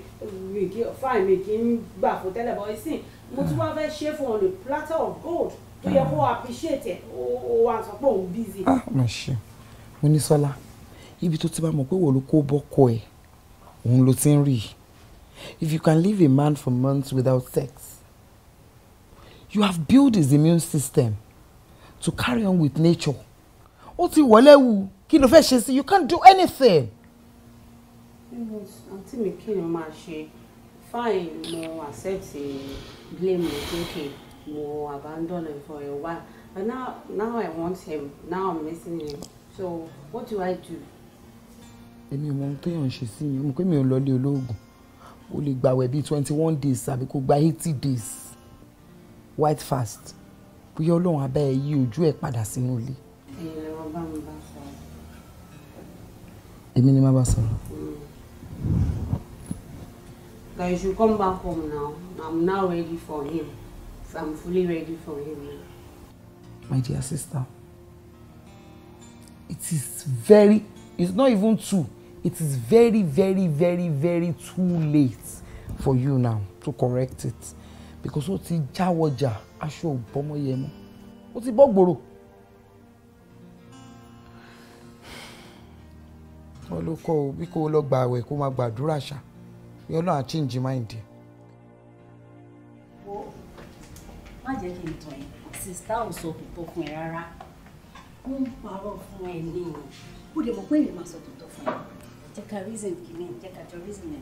Speaker 3: mi fáìn mi kì í gbà fún tẹ́lẹ̀ bọ́ ìsìn mo tún wá fẹ́ ṣe fún on the platter of gold tó yẹ kó ah. appreciate ẹ̀ ó wà sọ pé òun busy. ah
Speaker 5: mo ṣe mo ní sọlá ibi tó ti bá mọ̀ pé wọ́n ló kó bọ́kọ ẹ̀ òun ló ti ń rí if you can live a man for months without sex you have built his immune system to carry on with nature ó ti wọlé wù kí ló fẹ́ ṣe sí you can't do anything.
Speaker 3: àǹtí mi kí ni máa ṣe fine mo accept eh, blame is okay mo abandon him for a while but now now I want him now I'm missing him so what do I do
Speaker 5: èmi ò mọ ohun téèyàn ń ṣe sí yẹn mo pé mi ò lọ ilé olóògùn o lè gbàwẹ̀ bíi twenty one days àbí kó gba eighty days white fast bóyá ọlọ́run abẹ́ ẹ yí ojú ẹ̀ padà sínú ilé.
Speaker 3: ẹ̀yin lè wọ́n bá mi bá sọ̀rọ̀.
Speaker 5: èmi ni má bá sọ̀rọ̀.
Speaker 3: Like mm. you should come back home now. I'm now ready for him. So I'm fully ready for him now.
Speaker 5: My dear sister, it is very, it's not even two it is very very very very too late for you now to correct it because ó ti jáwọjà aṣọ òbọmọyẹmọ ó ti bọ́ gbòòrò. wọ́n ló kọ́ ọ bí kò lọ gba àwẹ̀ kó máa gbàdúrà ṣá bí ọlọ́run change mind ẹ̀.
Speaker 6: má jẹ́ kí n tàn ẹ́
Speaker 3: sista ò sọ tòótọ́ fún ẹ rárá ó ń parọ́ fún ẹ ní ìyẹn ó dẹ̀ mọ̀ pé èmi máa sọ tòótọ́ fún ẹ jẹ́ ká reason kìíní jẹ́ ká jọ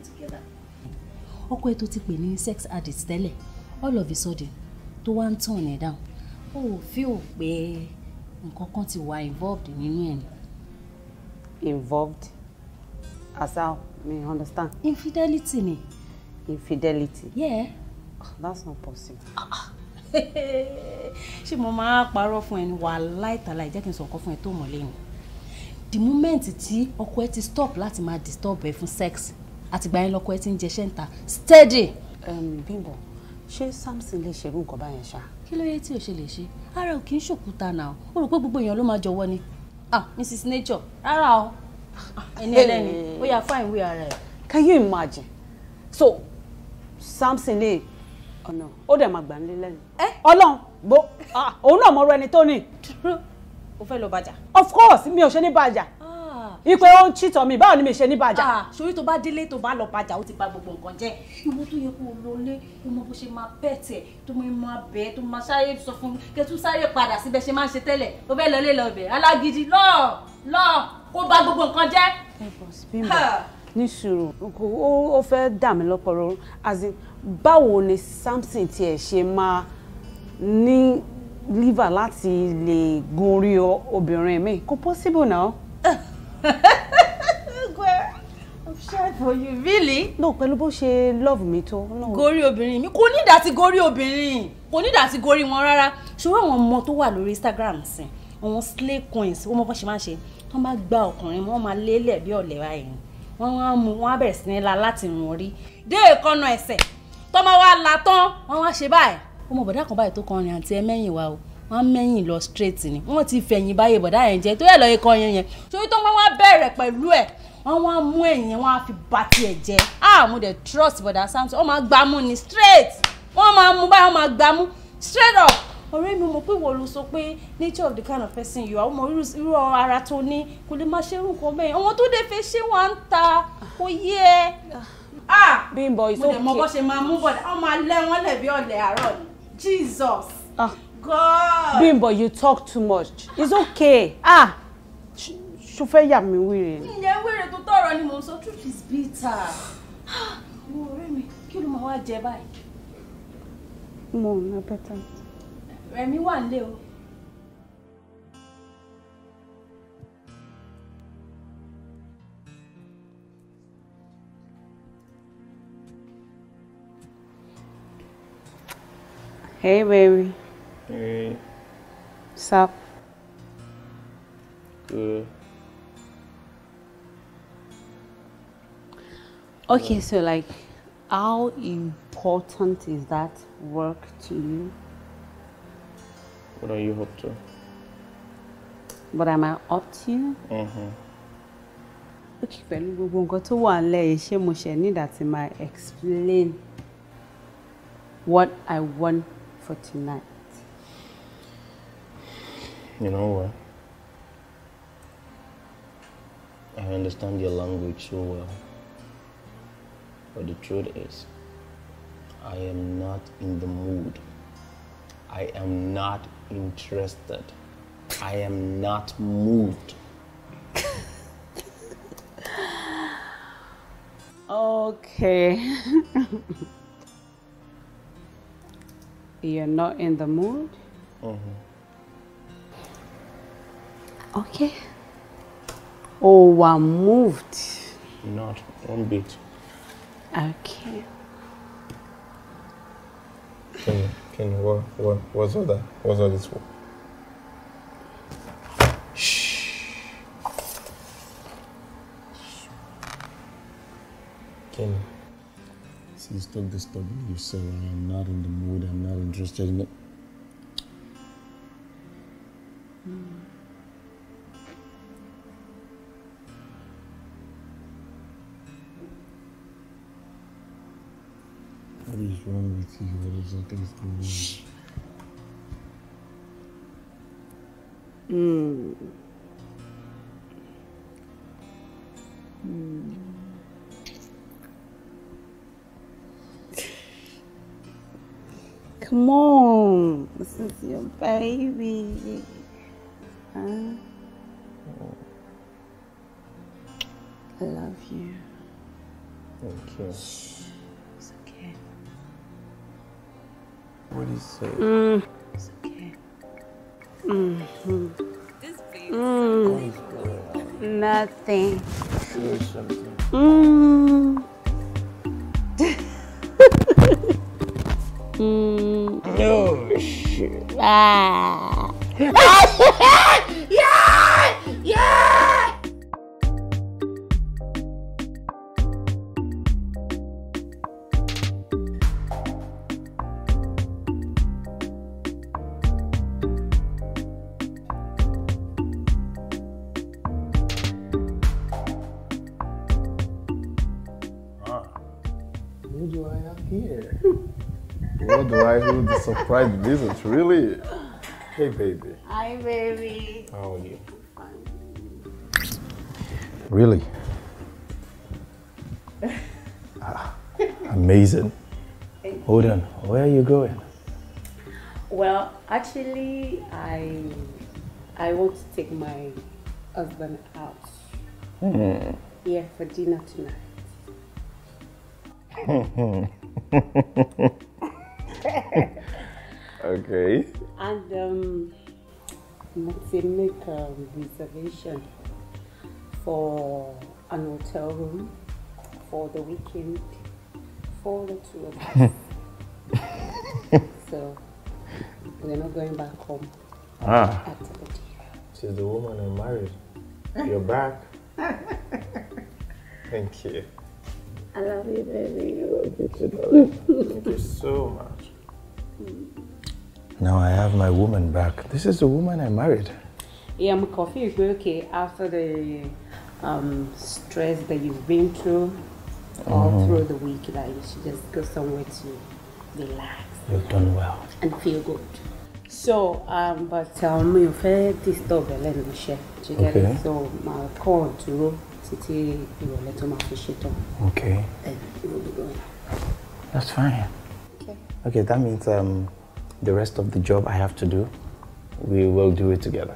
Speaker 3: together. ọkọ ẹ tó ti pè ní sex addict tẹ́lẹ̀ all of a sudden tó wá ń tàn ẹ̀ down ó fi ò pé nǹkan kan ti wà involved nínú ẹ̀ ni. involved as how me understand. infidelity ni. infidelity. yeah. Oh, that's not possible.
Speaker 1: *laughs*
Speaker 3: ṣé mo máa parọ́ fún ẹni wàhálà ìtàlá ìjẹ́kìnsọ̀kan fún ẹ tó mọ̀ lẹ́yìn the moment tí ọkọ ẹ ti stop láti máa disturb ẹ fún sex àtìgbà yẹn lọkọ ẹ ti ń jẹ ṣẹ́ńtà steady. Bimbo, Bímbọ́ ṣé Samson lè ṣerú nǹkan báyẹn ṣá. kí ló yẹ tí o ṣe lè ṣe ara ò kì í ṣòkúta náà o rò pé gbogbo èèyàn ló máa jọ̀wọ́ ni ah Mrs. Nature rárá o ah, ẹni ẹlẹ́ni ó yà fáìn wí ara ẹ̀. Eh. Can you imagine? So Samson lè ọ̀nà ó dẹ̀ máa gbà ń lé lẹ́nu. Eh? Ọlọ́run bó ah, òun náà mọ̀rọ̀ ẹni tó ní. dúró o fẹ́ lọ bàjá. of course mi ò ṣe ní bàjá ipe ah. ó ń chítọ mi báwo ni mi ṣe ní bàjá. sori ah, tó bá délé tó bá lọ bàjá ó ti bà gbogbo nǹkan jẹ́ ìwọ tó yẹ kó o lọ lé o mọ bó ṣe máa bẹ́ẹ̀ tẹ̀ tó mọ ìmọ̀ abẹ́ tó máa ṣáré sọ fún mi kẹtù sáré padà síbẹ̀ ṣe máa ń ṣe tẹ́lẹ̀ ó bẹ́ẹ̀ lọlé lọ́bẹ̀ alágídí lọ́ọ̀ lọ́ọ̀ kó bà gbogbo nǹkan
Speaker 1: jẹ́. ẹ bọ̀ sí bí mo
Speaker 3: ní sùúrù ó fẹ́ dà mí lọ́pọ̀ rọrùn báwo ni Samson tiẹ̀ ṣe máa ní liver láti lè gun orí obìnrin mi kò possible náà. *laughs*
Speaker 1: I'm shy for you really.
Speaker 3: no pẹ̀lú bó ṣe love mi tó. gorí obìnrin mi kò ní ìdá ti gorí obìnrin kò ní ìdá ti gorí wọn rárá ṣùgbọ́n àwọn ọmọ tó wà lórí Instagram sìn àwọn slay coins wọ́n mọ bó ṣe máa ń ṣe wọ́n máa gba ọkùnrin wọ́n máa lélẹ̀ bí ọ̀lẹ́ báyìí wọ́n wá mú wọ́n á bẹ̀rẹ̀ sí ní la láti rún orí dé èkánná ẹsẹ̀ tọ́mọ wa la tán wọ́n wá ṣe báyìí ọmọ bọ̀dá kan báyìí tó kan rìn àǹtí ẹ mẹ́yìn wa o wọ́n mẹ́yìn lọ straight ni wọ́n ti fẹ̀yìn báyìí bọ̀dá yẹn jẹ́ tó yẹ lọ́ọ́ ikọ̀ yẹn yẹn torí tó wọ́n wá bẹ̀rẹ̀ pẹ̀lú ẹ̀ wọ́n wá mú èèyàn wọ́n á fi ba tiẹ̀ jẹ́ ah mo dẹ̀ trust bọ̀dá Samson wọ́n máa gbámú ni straight wọ́n máa mú báyìí wọ́n máa gbámú straight up ọ̀rẹ́ mi mo pé wọ́n sọ pé nature of the kind of person you are ọmọ irú ara tó ní kò lè máa ṣerú nǹkan bẹ́ẹ̀ àwọn tó dé fẹ́ ṣé wọ́n ta kò yẹ. ah Bímbọ́ ìsókè mo dẹ̀ mọ bó ṣe máa mú bọ̀dá wọ́n máa lẹ́ wọ́n lẹ̀ bí ọ̀lẹ̀ àárọ̀ ni. Jesus. Ah.
Speaker 1: God.
Speaker 3: Bimbo, you talk too much. It's okay. Ah. Ṣó fẹ́ yà mí wèrè. Mi
Speaker 6: ìyẹn wèrè tó tọ̀rọ̀ ni mò ń truth is bitter. Àwọn Remy, mi,
Speaker 3: kí ló máa wá jẹ báyìí? Mo ò ná bẹ́tà. Rẹ̀mí wà o. Hey, baby. Hey. Sup. Good. Okay, so like, how important is that work to you?
Speaker 4: What are you up to?
Speaker 3: What am I up to? Mm-hmm. Okay, pẹ̀lú gbogbo nǹkan tó wà nílẹ̀ yìí ṣé mo ṣe need àti my explain what I want for tonight?
Speaker 4: You know what? I understand your language so well. But the truth is, I am not in the mood. I am not interested. I am not moved. *laughs* okay.
Speaker 3: *laughs* you're not in the mood. Mm-hmm. Okay. Oh, I'm moved.
Speaker 4: Not one bit.
Speaker 3: Okay.
Speaker 2: Can can what what what's all that? What's all this for? Shh.
Speaker 4: Can. See, stop the stop belief. So I'm not in the mood. I'm not interested in it. Mm. What is wrong with you? What is exactly is going
Speaker 10: on? Mm. Mm.
Speaker 3: Come on. This is your
Speaker 1: baby. Huh? I love you.
Speaker 9: Thank you. It's okay. What do you say? Mm.
Speaker 1: It's okay.
Speaker 3: Mm-hmm. Mm-hmm. Mm -hmm. This baby. Mm. Nothing. something. Mm.
Speaker 7: mm. No oh, shit. Ah. *laughs* *laughs* yeah! Yeah!
Speaker 2: Pride business, really? Hey, baby. Hi, baby. How are you? Really? ah, amazing.
Speaker 4: Hold on, where are you going?
Speaker 1: Well, actually,
Speaker 3: I I want to take my husband out. Hmm. Yeah, for dinner
Speaker 10: tonight.
Speaker 1: *laughs* Okay.
Speaker 3: And um, they make a reservation for an hotel room for the weekend for the two of
Speaker 10: us.
Speaker 3: *laughs* so we're not going back home. Ah.
Speaker 4: She's the woman I married. You're back. *laughs* Thank you. I love you, baby. I love you too, Thank you so much. Mm. Now I have my woman back. This is the woman I married.
Speaker 3: Yeah, I'm is okay, after the um, stress that you've been through all mm. through the week, like you should just go somewhere to relax. You've done well. And feel good. So, um, but um, you feel disturbed a little bit, you get okay. it? So, my call to you ìrọ̀lẹ́ tó máa fi ṣetán. okay. then you will be going.
Speaker 4: that's fine. okay. okay that means um, the rest of the job I have to do,
Speaker 2: we will do it together.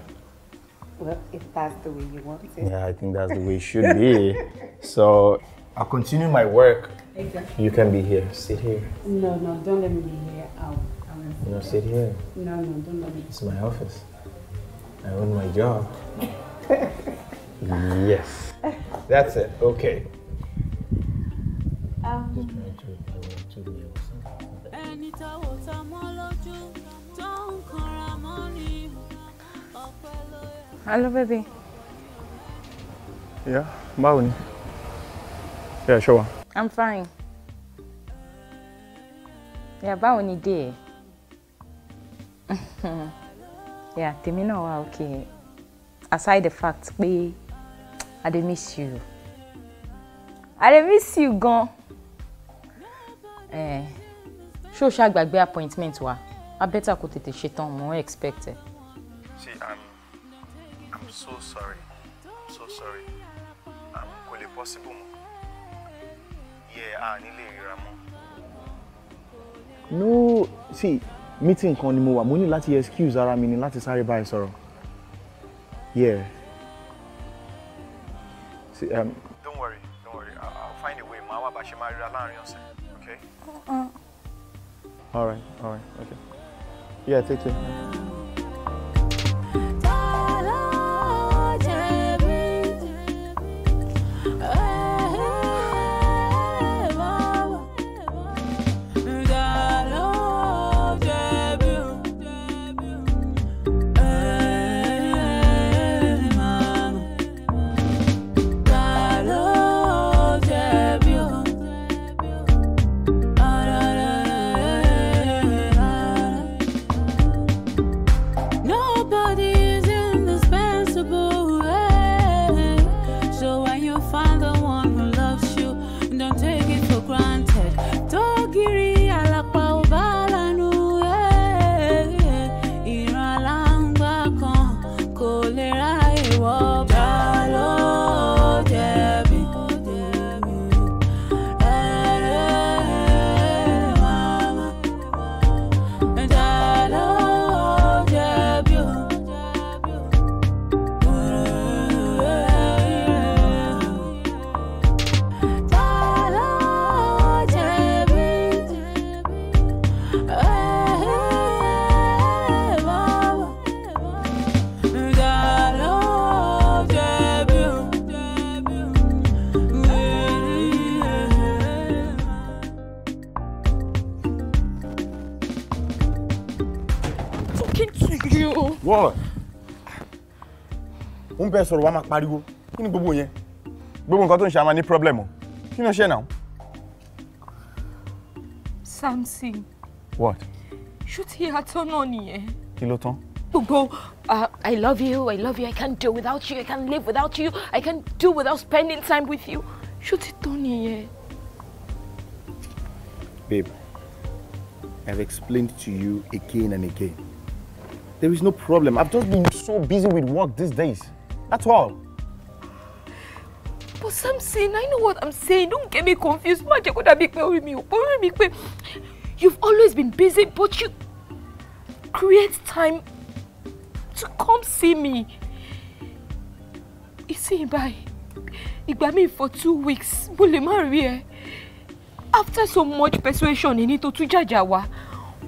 Speaker 6: Well, if that's the way you want it. Yeah, I think that's the way it
Speaker 2: should be. *laughs* so I'll continue my work. Exactly. You can be here. Sit here.
Speaker 3: No, no, don't let me be here. I'll, I'll no, sit here. No, no, don't let me.
Speaker 4: It's my office. I own my job. *laughs* yes. That's it. Okay. Um,
Speaker 6: hello baby.
Speaker 2: Yeah, báwo ni? Yeah, sure.
Speaker 6: I'm fine. Yeah, báwo ni dé? Yeah, tèmi náà wà okay. Aside the fact pé I dey miss you. I dey miss you Gon. Eh, ṣé o ṣàgbàgbé appointment wa? I better kò tètè the shit on. expect
Speaker 2: expected. See, I'm so sorry I'm so sorry kò lè possible mọ́ yẹ a nílé ìríra mọ́. no see meeting kan ni mo wà mo ní láti excuse ara mi ni Sorry, sáré báyìí yeah. See, um, don't worry don't worry I'll, I'll find a way màá wá bá ṣe máa ríra okay. Uh -uh. all right all right okay yeah take care. bẹ́ẹ̀ sọ̀rọ̀ wa máa pariwo kí ni gbogbo yẹn gbogbo nǹkan tó ń ṣe àmà ní problem kí ni ó ṣe náà.
Speaker 11: Samson. what. ṣó ti yàtọ̀ náà nìyẹn. kí ló tán. gbogbo uh, I love you I love you I can't do without you I can't live without you I can't do without spending time with you ṣó ti tán nìyẹn.
Speaker 2: babe I have explained to you again and again there is no problem I've just been so busy with work these days. That's all.
Speaker 11: But Samson, I know what I'm saying. Don't get me confused. Má jẹ́ kó dà bí pé orí mi ò pé orí mi you've always been busy, but you create time to come see me. You see, Ìsìn báyìí, ìgbà me for two weeks, mo lè After so much persuasion, ẹni tó tún jàjà wá.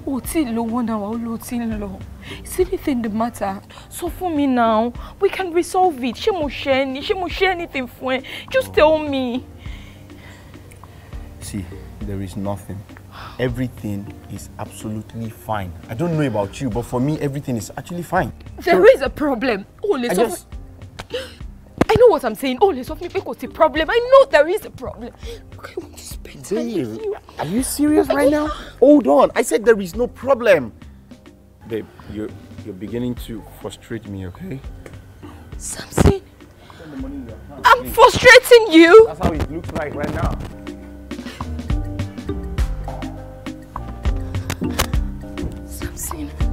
Speaker 11: o ti lówó náà is anything the matter sọ for me now we can resolve it She must share. ẹni ṣé mo anything for me. just tell me.
Speaker 2: see there is nothing everything is absolutely fine i don't know about you but for me everything is actually fine.
Speaker 11: there so, is a problem Oh, lè sọ *gasps* i know what i'm saying Oh, let's. fún mi pé problem i know there is a problem okay,
Speaker 2: babe, you. are you serious right now? Hold on. I said there is no problem. Babe, you're, you're beginning to frustrate me, okay? Samson, I'm frustrating you. That's how it looks like right now. Samson.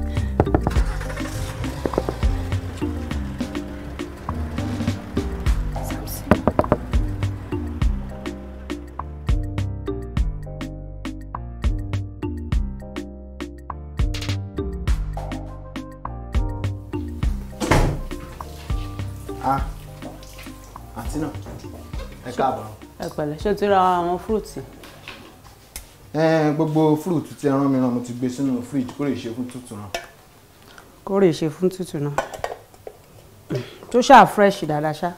Speaker 8: káàbọ̀.
Speaker 3: ẹ pẹ̀lẹ́ ṣé o ti ra àwọn fúrùtì.
Speaker 2: gbogbo fúrùtì tí ẹ rán mi rán mo ti gbé sínú fíríjì kó lè ṣe fún tútù náà.
Speaker 3: kó lè ṣe fún tútù náà tó ṣáà fresh dáadáa ṣá.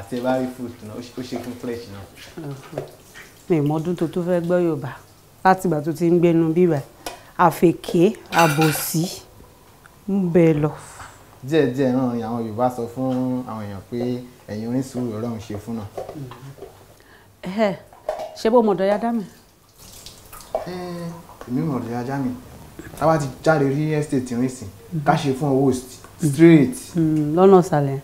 Speaker 2: àti ẹ bá rí fúrùtì náà ó ṣe fún fresh náà.
Speaker 3: mi mọ ọdún tó tó fẹ́ gbọ́ Yorùbá láti ìgbà tó ti ń gbénu bíbá àfèké àbòsí ń
Speaker 4: bẹ lọ. díẹ̀díẹ̀ náà àwọn Yorùbá sọ fún àwọn èèyàn pé ẹ̀yin onísùúrù ọlọ́run ṣe fún
Speaker 10: náà.
Speaker 3: ṣé bó mọ̀dọ̀ ya dá mi.
Speaker 5: èmi mọ̀dọ̀ ya já mi táwa ti jáde rí estate rìn sí ká ṣe fún owó straight.
Speaker 3: Mm, lọ́nà ìsàlẹ̀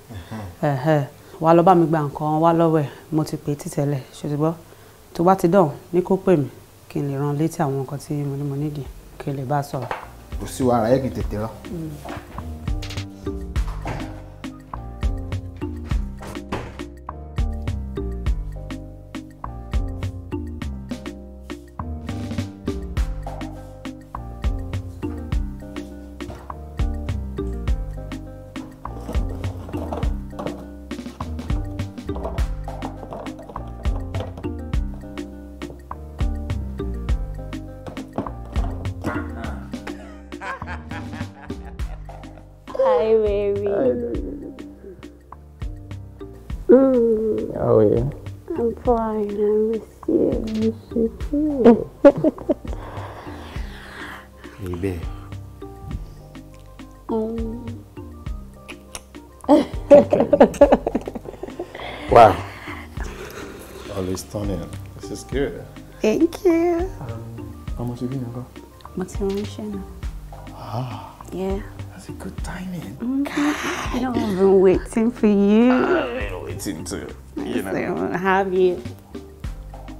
Speaker 3: wàá lọ bá mi gba nǹkan wá lọ́wọ́ ẹ̀ mo ti pè é títẹ̀lẹ̀ ṣòtìgbọ́ tó bá ti dán ní kó pè mí kí n lè rán létí àwọn nǹkan tí mo ní mo nídìí kí n lè bá a sọ̀rọ̀.
Speaker 5: kò sí wàhálà yẹ kí n tètè rán.
Speaker 3: Mm.
Speaker 2: How much Amoshivina go.
Speaker 3: Motivation.
Speaker 2: Ah. Yeah. That's a good
Speaker 4: timing.
Speaker 3: Mm -hmm. You know, I've been waiting for you. I've
Speaker 2: ah, been waiting to, you know. So,
Speaker 3: have you.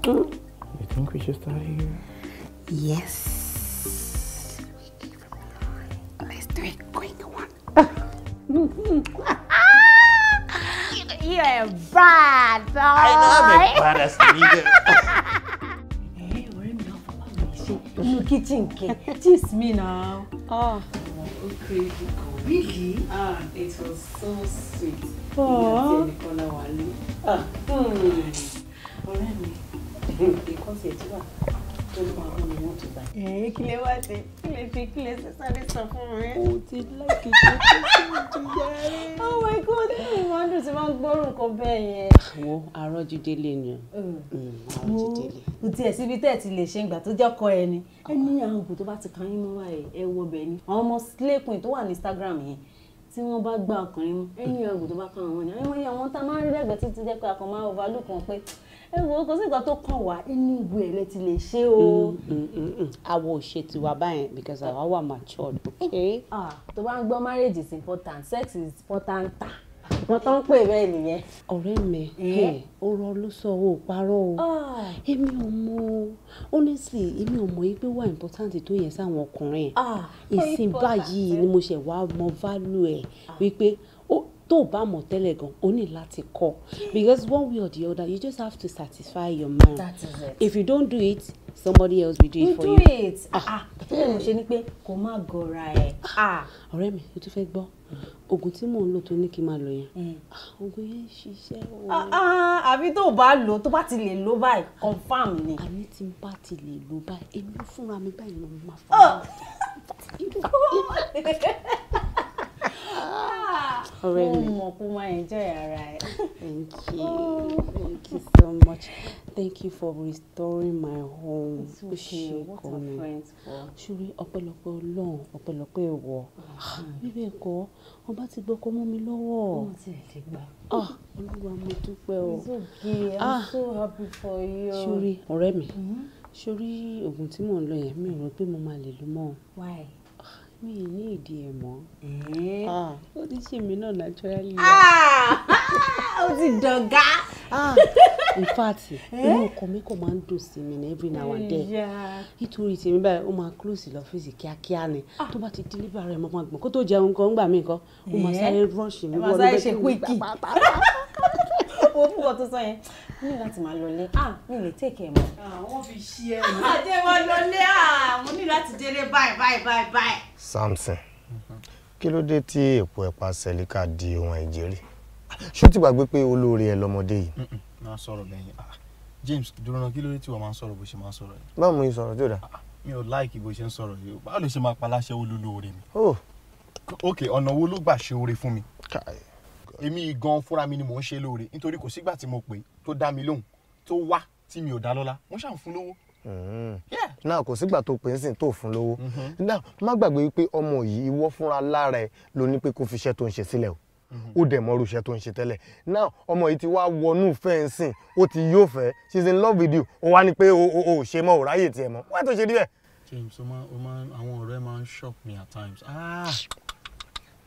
Speaker 3: Mm.
Speaker 2: You think we should start here?
Speaker 3: Yes.
Speaker 7: Let's do it quick one. *laughs* You're bad boy.
Speaker 1: I know I'm a
Speaker 9: badass nigga. *laughs*
Speaker 3: inú kitchen kẹ tease me now. Ah. Oh. Really? Ah, it was so sweet. Ìyá tí ẹnìkan la wà ní. Ah, hmm. Ọ̀rẹ́ mi, *laughs* ìkọ́sẹ̀ tí wà gbogbo àwọn ni o ti láìkí oh my god ní ìwádìí o ti máa ń gbọ́rùn nǹkan bẹ́ẹ̀ yẹn. wo àárọ̀ jíde lè ní o àárọ̀ mm. mm, jíde lè. o tiẹ̀ síbi tẹ́ ẹ̀ ti lè ṣe ìgbà tó jẹ́ kọ ẹni. ẹ ní àwọn oògùn tó bá ti kan yín mú ẹ ẹ wọ bẹ́ẹ̀ ni àwọn ọmọ sílẹ̀kùn tó wà ní Instagram yẹn tí wọ́n bá gba ọkùnrin mú ẹ̀yìn ọ̀gùn tó bá kan àwọn ni àwọn ẹ̀yìn àwọn tá a máa ń rí lẹ́gbẹ̀ẹ́ títí jẹ́ pé a kàn máa overlook wọn pé ẹ wo kò sí nǹkan tó kàn wá inú ìbú ẹ lẹ ti lè ṣe o. àwọ̀ òṣè ti wà báyẹn because àwa wà matured okay. *laughs* Ah, tó bá ń gbọ́ marriage is important sex is important ta wọn tó ń pè bẹ́ẹ̀ nìyẹn. ọ̀rẹ́ mi eh? ọ̀rọ̀ ló sọ ò parọ́ o ah. èmi ò mọ honestly èmi ò mọ pé wà important tó yẹn sáwọn ọkùnrin ah, ìsìn báyìí ni eh? mo ṣe wá mọ value ẹ̀ wípé. Ah tó o bá mọ̀ tẹ́lẹ̀ gan o ní láti kọ́ because one way or the other you just have to satisfy your man if you don't do it somebody else will do it you for do you. do it ah ṣé ah, mo ṣe ni pé kò má gọra ẹ. Ah. ọ̀rẹ́ mi o tún fẹ́ gbọ́ oògùn tí mò ń lò tó ní kí n máa lò yẹn mm. ah,
Speaker 1: oògùn yẹn ń ṣiṣẹ́ o.
Speaker 3: àbí tó o bá lò tó bá ti lè lò báyìí confam ni. àbí tí n bá ti lè lò báyìí èmi fúnra mi báyìí ló máa fọ́ *laughs* *laughs* ọ̀rẹ́ ah, mi. mo mọ̀ kó máa enjoy ara thank you oh. thank you so much thank you for restoring my home. it's okay what are friends for. ṣùrí ọ̀pẹ̀lọpẹ̀ ọlọ́run ọ̀pẹ̀lọpẹ̀ ẹ̀wọ̀ oh, ah, bíbẹ̀ ẹ̀kọ́ wọn bá ti gbọ́kọ mọ́ mi lọ́wọ́. wọn ti ẹ̀ lè gbà. Ah, olúwa mo dúpẹ́ o. it's okay i'm
Speaker 1: so happy for you. Shuri.
Speaker 3: ọ̀rẹ́ mi mm-hmm. ṣùrí oògùn tí mò ń lò yẹn mi ò rò pé why mi ì ní ìdí ẹ̀ mọ́ ah. ó ti ṣe mí náà naturally. Ah! *laughs* ó ti dọ̀gá. Ah. in fact eh? inú ọkọ mi kò máa ń dùn sí mi ní every now and then nítorí tèmi báyìí ó máa close lọ́fíìsì kíákíá ni tó bá ti deliver rẹ̀ mo máa gbọ̀n kó tó jẹun kan ń gbà mí kan ó máa eh? sáré rush mi wọ́n ló bẹ́ẹ̀ tó
Speaker 8: gbà pàápàá
Speaker 3: owó púpọ̀ tó sọ yẹn ní láti máa lọlé ah mi lè tèkè mọ́. àwọn ah, fi ṣí ẹ ní. àjẹ́ ah, wọn lọlé ah mo ní láti délé báyìí báyìí báyìí báyìí.
Speaker 2: Samson kí ló dé tí èpo ẹ̀pà sẹ́líkà di ohun àìjẹ́rì ṣó ti gbàgbé pé olóore ẹ lọmọdé yìí. máa sọ̀rọ̀ lẹ́yìn ah, James dúró náà kí ló dé tí wọ́n máa ń sọ̀rọ̀ bó ṣe máa ń sọ̀rọ̀ yìí. báwo mo yìí sọ̀rọ̀ tí ò dáa. mi ò láìkí bó ṣe ń sọ̀rọ̀ yìí báwo ló ṣe máa pa láṣẹ rẹ̀ mi. Oh. ok ọ̀nà wo ló gbà ṣe oore fún mi. káyọ̀ èmi gan fúnra mi ni mò ń ṣe lóore nítorí kò sígbà tí mo pè tó dá mi lóhùn tó wá tí mi ò dá lọ́lá mo ṣàn fún lówó. Hmm. náà kò sígbà tó pè é sìn tó fún lówó mm-hmm. náà má gbàgbé wípé ọmọ yìí ìwọ fúnra lára ẹ ló ní pé kó fi iṣẹ́ tó ń ṣe sílẹ̀ o mm-hmm. ó dẹ̀ mọ́ irúṣẹ́ tó ń ṣe tẹ́lẹ̀ náà ọmọ yìí ti wá wọnú fẹ́ǹsìn ó ti yóò fẹ́ she's in love with you ó wá ní pé o ò ṣe mọ́ ò ráyè tiẹ̀ mọ́ wá tó ṣe díẹ̀. James o máa àwọn ọ̀rẹ́ máa ń shock me at times. Ah,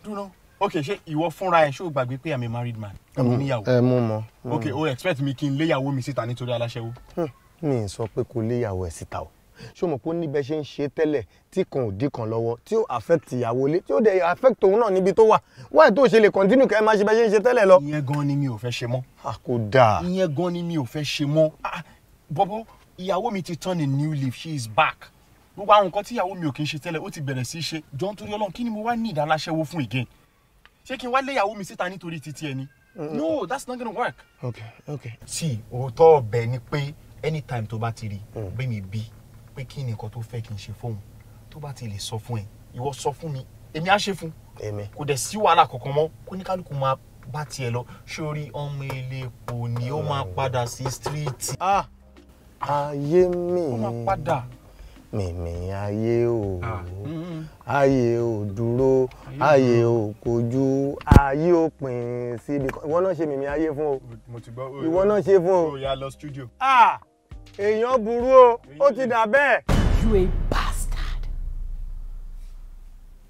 Speaker 2: dúró ok ṣé ìwọ fúnra ẹ ṣó gbàgbé pé i'm a married man. mo mm-hmm. níyàwó ẹ mo mọ. ok mm. o expect mi kí n léyàwó mi síta nítorí aláṣẹwó. Hmm, mi ì sọ pé kò léyàwó ẹ síta o ṣó mọ̀ pé ó níbẹ̀ ṣe ń ṣe tẹ́lẹ̀ tí kan ò dí kan lọ́wọ́ tí ó affect ìyàwó ilé tí ó dẹ̀ affect òun náà níbi tó wà wáyé tó ṣe lè continue kẹ́ ẹ máa ṣe bẹ́ẹ̀ ṣe ń ṣe tẹ́lẹ̀ lọ. ìyẹn gan ni mi ò fẹ́ ṣe mọ́. a kò dáa. ìyẹn gan ni mi ò fẹ́ ṣe mọ́. bọ́bọ́ ìyàwó mi ti turn a new leaf she is back gbogbo àwọn nǹkan tí ìyàwó mi ò kì í ṣe tẹ́lẹ̀ ó ti bẹ̀rẹ̀ sí í ṣe jọ nítorí Ọlọ́run kí ni mo wá ní ìdáláṣẹ́wó fún again ṣé kí n wá lé ìyàwó mi síta nítorí títí ẹni. no that's not gonna work. okay okay. sí òótọ́ ọbẹ̀ ni pé anytime tó bá ti rí mm. bí mi bí pé kí ni nǹkan tó fẹ́ kí n ṣe fóun tó bá ti lè sọ fún ẹ ìwọ sọ fún mi èmi á ṣe fún. kò dẹ̀ sí wàhálà kankan mọ́ kó ní kálukú máa bá tiẹ̀ lọ sórí ọmọ elépo ni ó máa padà sí stíríìtì. Ah, ayé mi ó máa padà mìmì ayé o ah. ayé o dúró ayé o kojú ayé o pin síbi ìwọ náà ṣe mìmì ayé fún o ìwọ náà ṣe fún o ìyá studio. Ah! èèyàn burú o ó ti dà bẹ́ẹ̀. you a bastard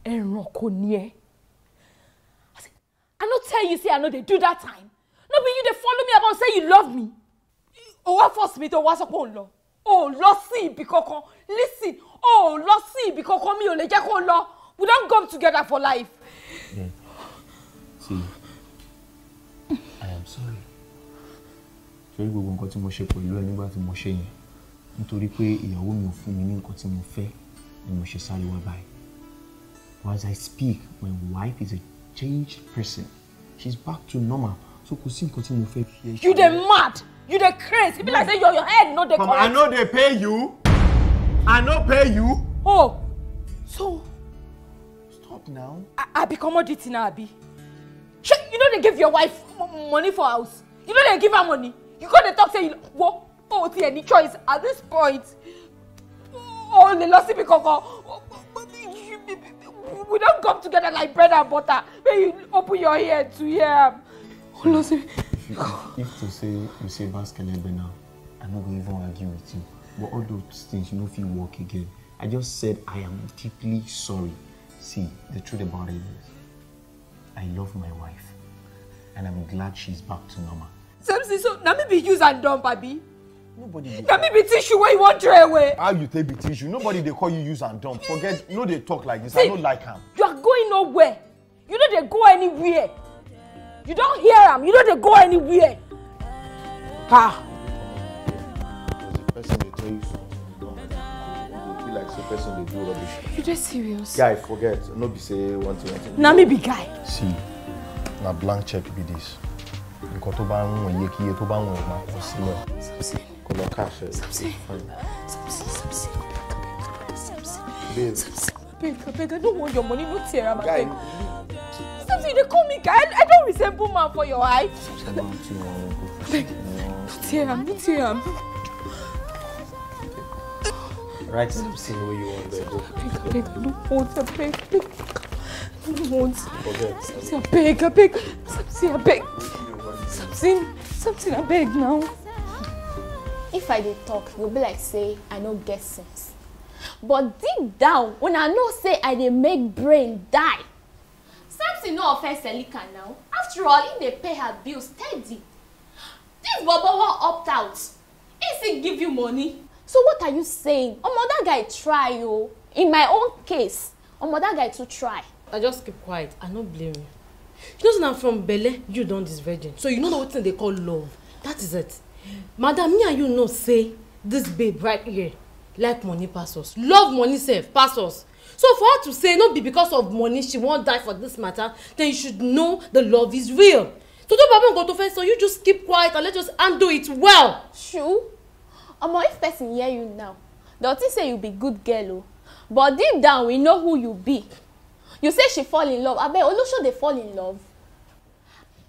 Speaker 7: ẹranko ni ẹ
Speaker 11: i no tell you say i no dey do that time no be you dey follow me about say you love me o wa force me to wa sọ pé o lọ o lọ sí ibi kankan listen o lọ sí ibi kankan mi ò lè jẹ́ kó lọ we don come together for life. Yeah.
Speaker 2: see i am sorry torí gbogbo nǹkan tí mo ṣe pẹ̀lú ẹ nígbà tí mo ṣe yẹn nítorí pé ìyàwó mi ò fún mi ní nǹkan tí mo fẹ́ ni mo ṣe sáré wá báyìí as i speak my wife is a changed person she is back to normal so kò sí nǹkan tí mo fẹ́. you dey mad
Speaker 7: you dey craze e be like say your your head no dey correct. mama i no dey
Speaker 2: pay you.
Speaker 7: I
Speaker 11: no pay you. Oh, so.
Speaker 9: Stop now.
Speaker 11: I, I be commodity now, Abi. you know they give your wife money for house. You know they give her money. You go dey talk say you wo o ti any choice at this point. O the lọ síbi We don't come together like bread and butter. May you open your ear to hear am. O
Speaker 2: If to say you say basket lebe now, I no go even argue with you. but all those things you know if you work again i just said i am deeply sorry see the truth about it is i love my wife and i'm glad she's back to normal.
Speaker 11: samson so na me be use and dump baby. nobody dey. me be tissue
Speaker 2: wey you want throw away. how you take be tissue nobody they call you use and dump forget no they talk like this see, i not like him.
Speaker 11: you are going nowhere
Speaker 7: you don't go anywhere you don't hear him. you don't go anywhere.
Speaker 2: ah.
Speaker 9: know you something you
Speaker 2: don't be like say person dey do rubbish. you
Speaker 7: dey
Speaker 5: serious.
Speaker 2: guy forget no be say one thing one thing. na me
Speaker 5: be
Speaker 11: guy.
Speaker 2: see na blank check be this nǹkan tó bá ń wọ̀n iye kíye tó bá
Speaker 9: ń wọ̀n máa kọ See. kò lọ káàṣẹ. babe
Speaker 11: babe abeg i don't want your money no tear am abeg. something you dey call me guy i don resemble man for your eye. no tear am no tear am. Write something where you want there. Go. Abeg, I no want. Abeg, I no want. Forget. Something, I beg, Something, beg. Something, something, I
Speaker 7: beg now. If I did talk, you'll be like say I no get sense. But deep down, when I know say I did make brain die. Something no offend Selika now. After all, he dey pay her bills steady. This Bobo won't opt out. He give you money so what are you saying ọmọ oh, that guy try o oh. in my own case ọmọ oh, that guy too try. i just keep
Speaker 3: quiet i no blame you you know say na from belle you don dis virgin so you no know wetin dey call love that is it madam me and you know say this babe right here like money pass
Speaker 7: us love money sef pass us so for her to say no be because of money she wan die for this matter then you should know the love is real toto baba nkan to fẹ sọ you just keep quiet and let us handle it well. sure omo if person hear you now dem think say you be good girl o but deep down we know who you be you say she fall in love abeg show dey fall in love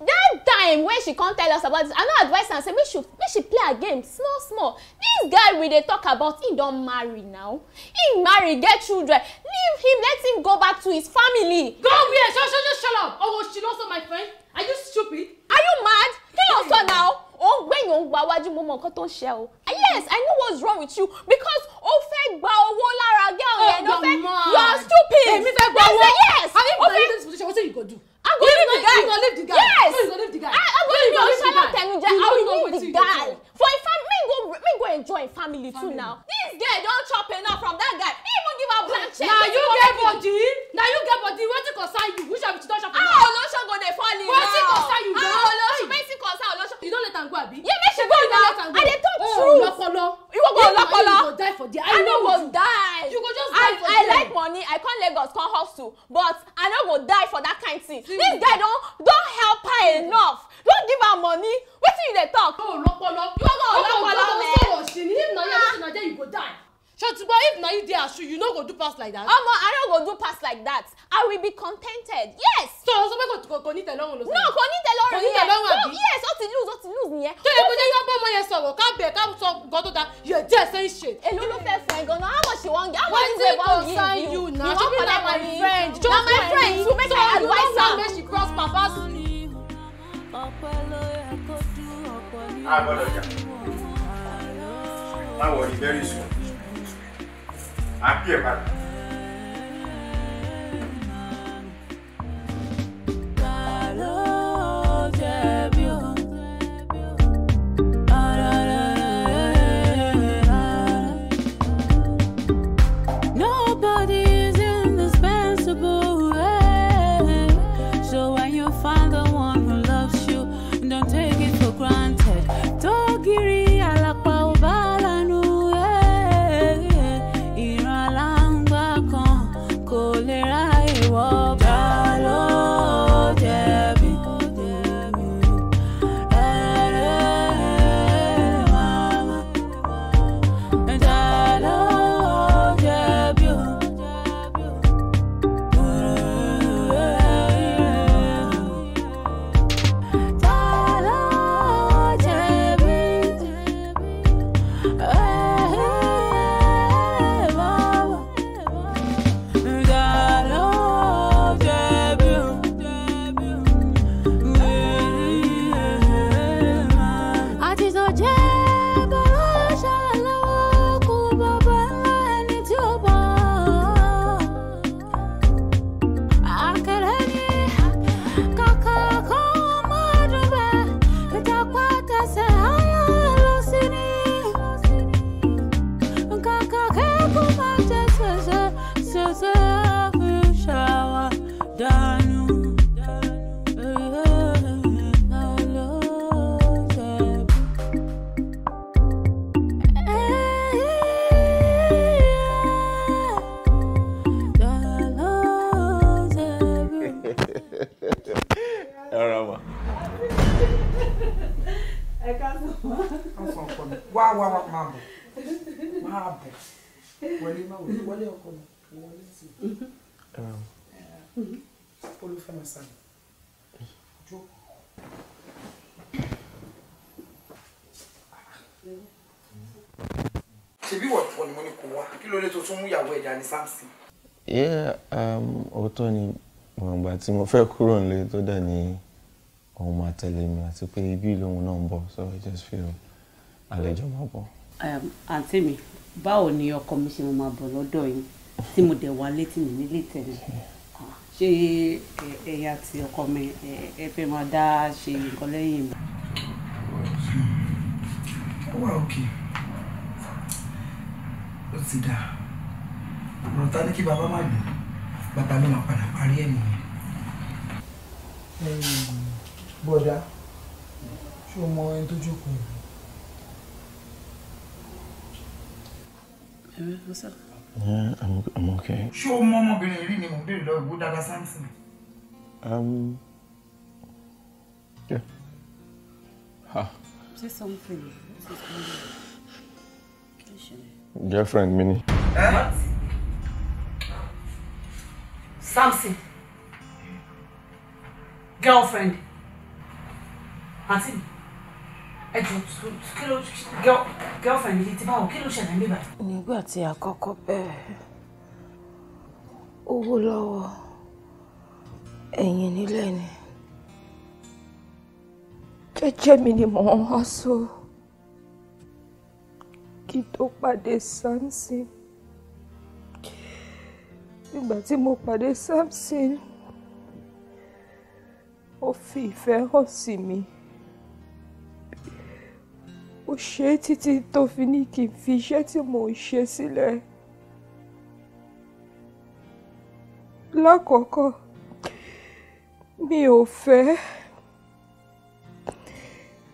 Speaker 7: that time when she come tell us about this i no advise am say make she make she play her game small small this guy we dey talk about he don marry now he marry get children leave him let him go back to his family. go where shut shut shut up owo oh, she no so my friend are you stupid. are you mad kí ló so now. ó ń gbẹ̀yìn òun gba wájú mo mọ nǹkan tó ń ṣe o ah, yes i know what's wrong with you because o fẹ́ gba owó lára girl yẹn ló oh, fẹ́ you are stupid èmi fẹ́ gba yes o fẹ́. i mean this position wetin you go do. I'm going leave the guy. You leave the guy. Yes. I'm going go leave the guy. I, I'm going leave the guy. I will leave the guy. For a family, me go, me go enjoy a family, too now. This girl don't chop enough from that guy. He even give her blank check. Now you get body. Now you get body. What you concern you? Which have you don't chop enough? Ah, Olosho go dey fall in now. What you concern you? Ah, Olosho. Make you concern Olosho. You don't let am go, abi? Yeah, make she go now. I dey talk oh, true. Olopolo. You go go Olopolo. You go die for there. I no go die. You go just die for there. I like money. I come Lagos, come hustle, but I know go die for that kind thing this guy don don help her enough don give her money wetin you dey talk. o oh, lọpọlọ you no lọpọlọ mẹ o sọ̀rọ̀ sí ni if na you ah. if na there you go die. Shotigbo, if na you dey as you, you no go do pass like that. Omo, I no go do pass like that. I will be contented. Yes. So, so make ko ko ni tẹ́lọ́rùn lo. No, ko ni tẹ́lọ́rùn. Ko ni tẹ́lọ́rùn àbí. Yes, what to lose, What to lose nìyẹn. Tó yẹ kó jẹ́ ká bọ́ ọmọ yẹn sọ̀rọ̀, ká bẹ̀ ká sọ nǹkan tó da, yẹ jẹ́ shit. Èló ló fẹ́ fún ẹ gan How much you wan How much you wan give you? Wetin concern you na? You wan my friend. Na my friend,
Speaker 3: bàbá sí ni. ọpẹ́
Speaker 2: ló yẹ kó dún ọ̀pọ̀ ní ìlú ọ̀hún. ni very a bí ẹ̀ padà. ta ló
Speaker 9: ọkọ wọ
Speaker 5: ní sí olùfẹ́ máa sàmì jó. ṣebí wọ̀tọ̀ ni mo ní kó wá kí ló lè tó tún mú ìyàwó ẹ̀dá ní Samson.
Speaker 4: Um, òótọ́ ni ìwọ̀nba tí mo fẹ́ kúrò nílé tó dẹ̀ ní òun máa tẹ̀lé mi àti pé ibi lòun náà ń bọ̀ so I just feel àlejò máa bọ̀.
Speaker 3: Um, àǹtí mi báwo ni ọkọ mi ṣe mo máa bọ̀ lọ́dọ̀ yín tí mo dẹ̀ wá létí mi nílé tẹ̀lé ṣé ẹ̀yà àti ọkọ mi ẹ fẹ́ máa dá ṣe nǹkan lẹ́yìn mi.
Speaker 5: wà á òkè ó ti dà ọ̀rọ̀ ta ni kí bàbá má gbé bàbá ló máa padà parí ẹ̀ nìyẹn. bọ́dà ṣé o mọ ẹni tó jókòó Yeah,
Speaker 4: I'm, I'm okay.
Speaker 5: Show Mama, mọ ọmọbìnrin yìí ni mo béèrè lọ́wọ́ ìwú
Speaker 4: Um, yeah. Ha.
Speaker 5: Say
Speaker 3: something.
Speaker 2: Girlfriend Mini.
Speaker 3: What? Samson. Girlfriend. Àǹtí mi ẹ jù kí ló girlfriend mi ti báwo kí ló ṣẹlẹ̀ níbà.
Speaker 6: nígbà tí a kọ́kọ́
Speaker 11: bẹ̀rẹ̀ owó lọ́wọ́ ẹ̀yìn nílẹ̀ ni jẹ́jẹ́ mi ni mò ń wá so kí tó pàdé Samson nígbà tí mo pàdé Samson ó fi ìfẹ́ hàn sí mi ó ṣe é títí tó fi ní kí n fi iṣẹ́ tí mò ń ṣe sílẹ̀. lákọ̀ọ́kọ́ mi ò fẹ́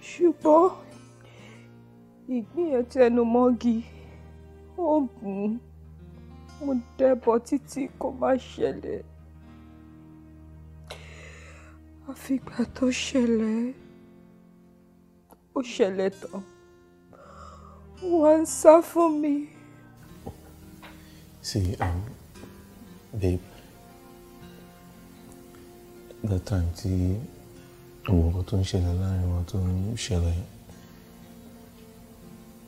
Speaker 11: ṣùgbọ́n ìgbìyànjú ẹnu mọ́gi ó gùn ún mo dẹ́bọ̀ títí kó má ṣẹlẹ̀ àfìgbà tó ṣẹlẹ̀ ó ṣẹlẹ̀ tán. One ń me.
Speaker 4: See, um, babe, that time tí àwọn nǹkan to share ṣẹlẹ̀ láàrin wọn tó ń ṣẹlẹ̀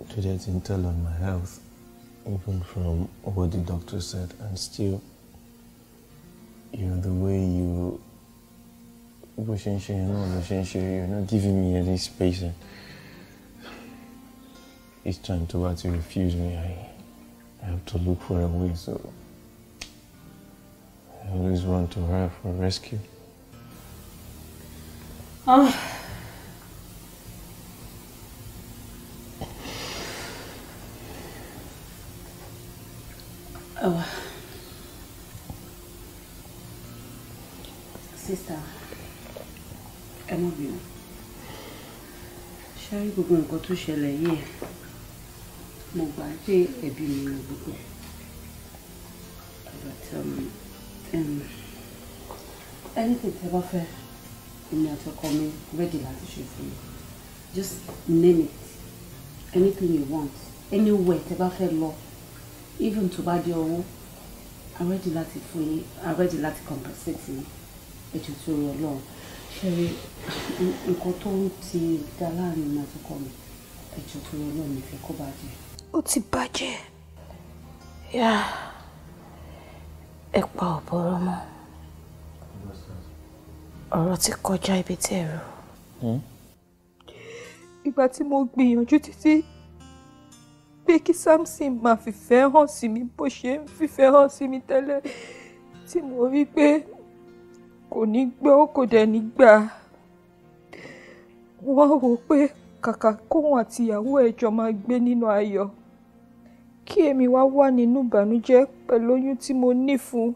Speaker 4: tó jẹ́ ti ń tell on my health even from what the doctor said and still you know the way you bó ṣe ń ṣe yẹn náà ló ṣe you're not giving me any space. And, each time tó bá refuse me I, I have to look for a way so I always run to her for rescue.
Speaker 1: Oh.
Speaker 3: Oh. Sister, I love you. Shall we go gbogbo nǹkan tó ṣẹlẹ̀ mo gbà pé ẹ̀bi mi ò gbogbo but um, um, anything tẹ́ bá fẹ́ èmi àti ọkọ mi ready láti ṣe fún mi just name it anything you want anywhere tẹ́ bá fẹ́ lọ even tó bá dé owó i'm ready láti fún yín i'm ready láti compensate yín ètò tó rọ lọ́wọ́ ṣe rí nǹkan tó ń ti dá láàrin mi àti ọkọ mi
Speaker 4: ètò tó rọ lọ́wọ́ mi fẹ́ kó bàjẹ́
Speaker 11: ó ti bàjẹ́ yá ẹ pa ọ̀bọ̀rọ̀ mọ́ ọ̀rọ̀ ti kọjá ibi tí ẹ rò. Hmm? ìgbà tí mo gbìyànjú títí pé kí Samson máa fìfẹ́ hàn sí mi bó ṣe ń fìfẹ́ hàn sí mi tẹ́lẹ̀ tí mo rí pé kò ní gbọ́ kò dẹ̀ ní gbà wọ́n rò pé kàkà kóhun àtìyàwó ẹ̀ jọ máa gbé nínú ayọ̀ kí èmi wá wà nínú ìbànújẹ́ pẹ̀lú oyún tí mo ní fún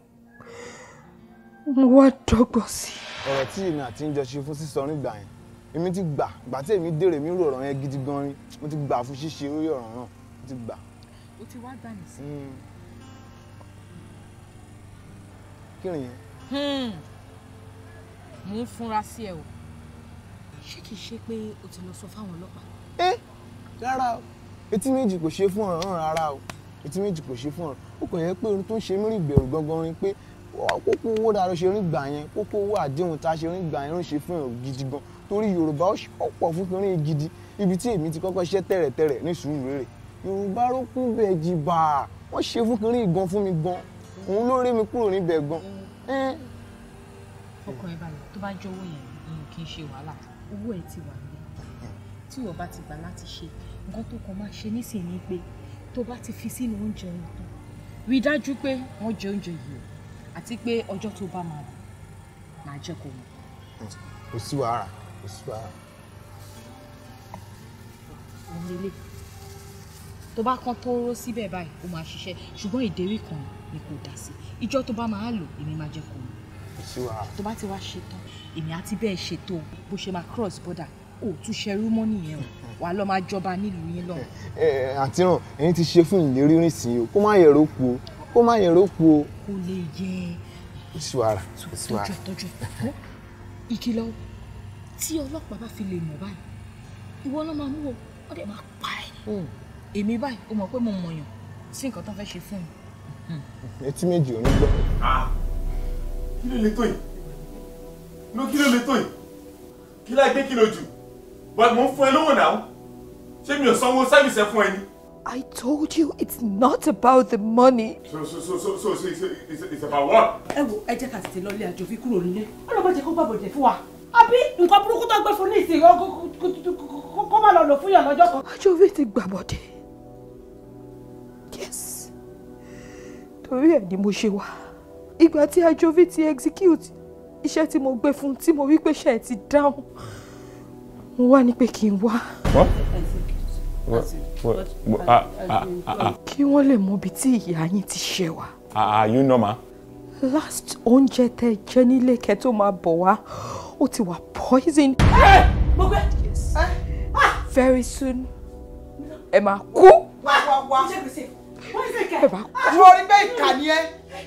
Speaker 11: mo wá dọ́gbọ́n sí.
Speaker 2: ọ̀rọ̀ tí èmi àti ń jọ ṣe fún sísọ nígbà yẹn èmi ti gbà gbà tí èmi dèrè mi rò ọ̀rọ̀ yẹn gidi gan rí mo ti gbà fún ṣíṣe orí ọ̀rọ̀ náà mo ti gbà.
Speaker 10: o ti wá gbà mí sí. Hmm.
Speaker 2: kí ni yẹn.
Speaker 6: Hmm.
Speaker 3: mo ń funra sí ẹ o ṣé kìí ṣe pé o ti lọ sọ fáwọn ọlọ́pàá.
Speaker 2: ẹ eh, rárá o etí méjì kò ṣe fún ọ̀ràn rárá o etí méjì kò ṣe fún ọ̀ràn o kàn yẹ pé ohun tó ń ṣe mí rí ìbẹ̀rù gangan rin pé kókó owó dára ṣe rí gbà yẹn kókó owó àdéhùn tá a ṣe rí gbà yẹn ló ń ṣe fún ẹ̀rù gidi gan torí Yorùbá ọ̀pọ̀ fún kìnìún gidi ibi tí èmi ti kọ́kọ́ ṣiṣẹ́ tẹ̀rẹ̀tẹ̀rẹ̀ ní Sùúrùlérè Yorùbá ló kún bẹ́ẹ̀ jìbà wọ́n ṣe fún kìnìún gan fún mi gan òun ló rí mi kúrò níbẹ̀ gan.
Speaker 10: ọkàn ẹ
Speaker 6: balẹ̀ tó bá jọ owó yẹn kì í ṣe wàhálà owó ẹ ti wà nílẹ̀ tí Yorùbá ti gbà
Speaker 3: láti ṣe nǹkan tó kàn máa ṣe nísìnyí ni pé tó bá ti fi sínú oúnjẹ yìí tán rí i dájú pé wọ́n jẹ oúnjẹ yìí o àti pé ọjọ́ tó bá máa máa jẹ́ kó
Speaker 2: mọ̀. kò sí wàhálà kò sí wàhálà.
Speaker 4: òun lélẹ̀ tó
Speaker 6: bá kan tó ró síbẹ̀ báyìí ó máa ṣiṣẹ́ ṣùgbọ́n ìdérí kan ni kò dá sí ìjọ́ tó bá máa lò èmi máa jẹ́ kó mọ̀. kò sí wàhálà. tó bá ti wá
Speaker 3: ṣetán èmi àti bẹ́ẹ̀ ṣètò bó ṣe máa cross border ó tún ṣerú mọ́ nìyẹn o wàá lọ
Speaker 6: máa jọba nílùú yín lọ.
Speaker 2: àǹtí ràn ẹni ti ṣe fún ìlérí rìn sí o kó má yẹ̀rọ kú o kó má yẹ̀rọ kú o. kò lè yẹ ìṣòwàrà ìṣòwàrà
Speaker 6: tọjú tọjú ìkìlọ̀ tí ọlọ́pàá bá fi lè mọ̀ báyìí ìwọ ló máa mú o ó dẹ̀ máa pa ẹ́ èmi báyìí o mọ̀ pé mo mọ̀yàn sí nǹkan tó fẹ́ ṣe fún
Speaker 2: mi. etí méjì ò ní gbọ́. Ah, kí ló lè tó yìí kí ló lè tó yìí kí láì gbé kí lo jù but mo ń fún ẹ lówó náà ṣé mi ò sanwó sẹ́fìsì
Speaker 11: I told you it's not about the money.
Speaker 2: So so so so so, so it's, it's, it's about what?
Speaker 11: Ẹ wo ẹ jẹ́ ká tètè lọ lé àjò fi kúrò nílé. Ọlọ́mọ jẹ́
Speaker 3: kó gbàgbọ́ jẹ fún wa. Àbí nǹkan burúkú tó gbé fún ní ìsìn kó má lọ lò fún yàn
Speaker 11: lọ́jọ́ kan. Àjọ fi ti gbàbọ̀dé. Yes. Torí ẹ̀ ni mo ṣe wá. Ìgbà tí àjọ fi ti execute iṣẹ́ tí mo gbé fún tí mo wí pé ṣe ti dáhùn mo wá ní pé kí n wá. kí wọ́n lè mọ ibi tí ìyá yín ti
Speaker 2: ṣe wá. are ah, ah, you normal.
Speaker 11: last oúnjẹ tẹ jẹ nílé kẹ tó máa bọ̀ wá ó ti wà poison. Eh! mo gbé. Ah, very soon ẹ máa kú.
Speaker 5: wá wá wá ẹ
Speaker 11: bá kú. mo
Speaker 5: rí bẹ́ẹ̀ kà ni ẹ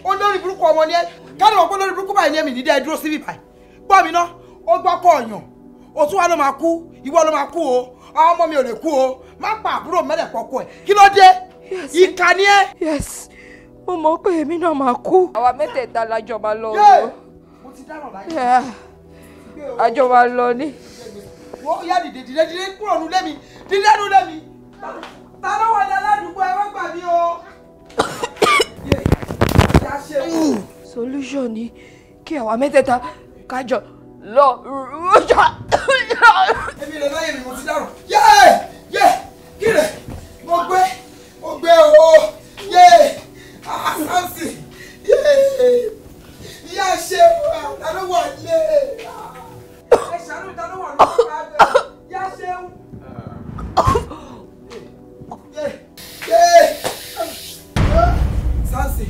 Speaker 5: olórí burúkú ọmọ ni ẹ káàdì wọn pé olórí burúkú báyìí ni èmi nídìí ẹ dúró síbí báyìí gbọ́ mi ná ó gbọ́ kọ́ ọ̀yàn o tún wá ló máa kú ìwọ ló máa kú o àwọn ọmọ mi ò lè
Speaker 11: kú o má pa àbúrò mẹ́lẹ̀ pọ̀kọ ẹ̀ kí ló dé ìkà ni ẹ́. yes mo mọ̀ pé èmi náà máa kú. àwa mẹ́tẹ̀ẹ̀ta la jọ máa lọ o.
Speaker 5: mo ti dáràn láyé.
Speaker 11: àjọ máa lọ ni. wọ́n yá dìde dìde dìde kúrò nulẹ̀ mi dìde nulẹ̀ mi ta ló wà ní aládùúgbò ẹ wá gbà mí o. *coughs* *coughs* solution ni kí àwa mẹ́tẹ̀ẹ̀ta kájọ lọ rúṣà.
Speaker 5: èmi lè láyé mi mo ti dárò yé yé kí mo gbé mo gbé o yé àṣàǹsì yé ìyá ṣe àdánwò àlè ẹ
Speaker 11: ṣàánú ìdánwò àlè ìyá ṣe ń. yé yé
Speaker 5: ṣàǹsì.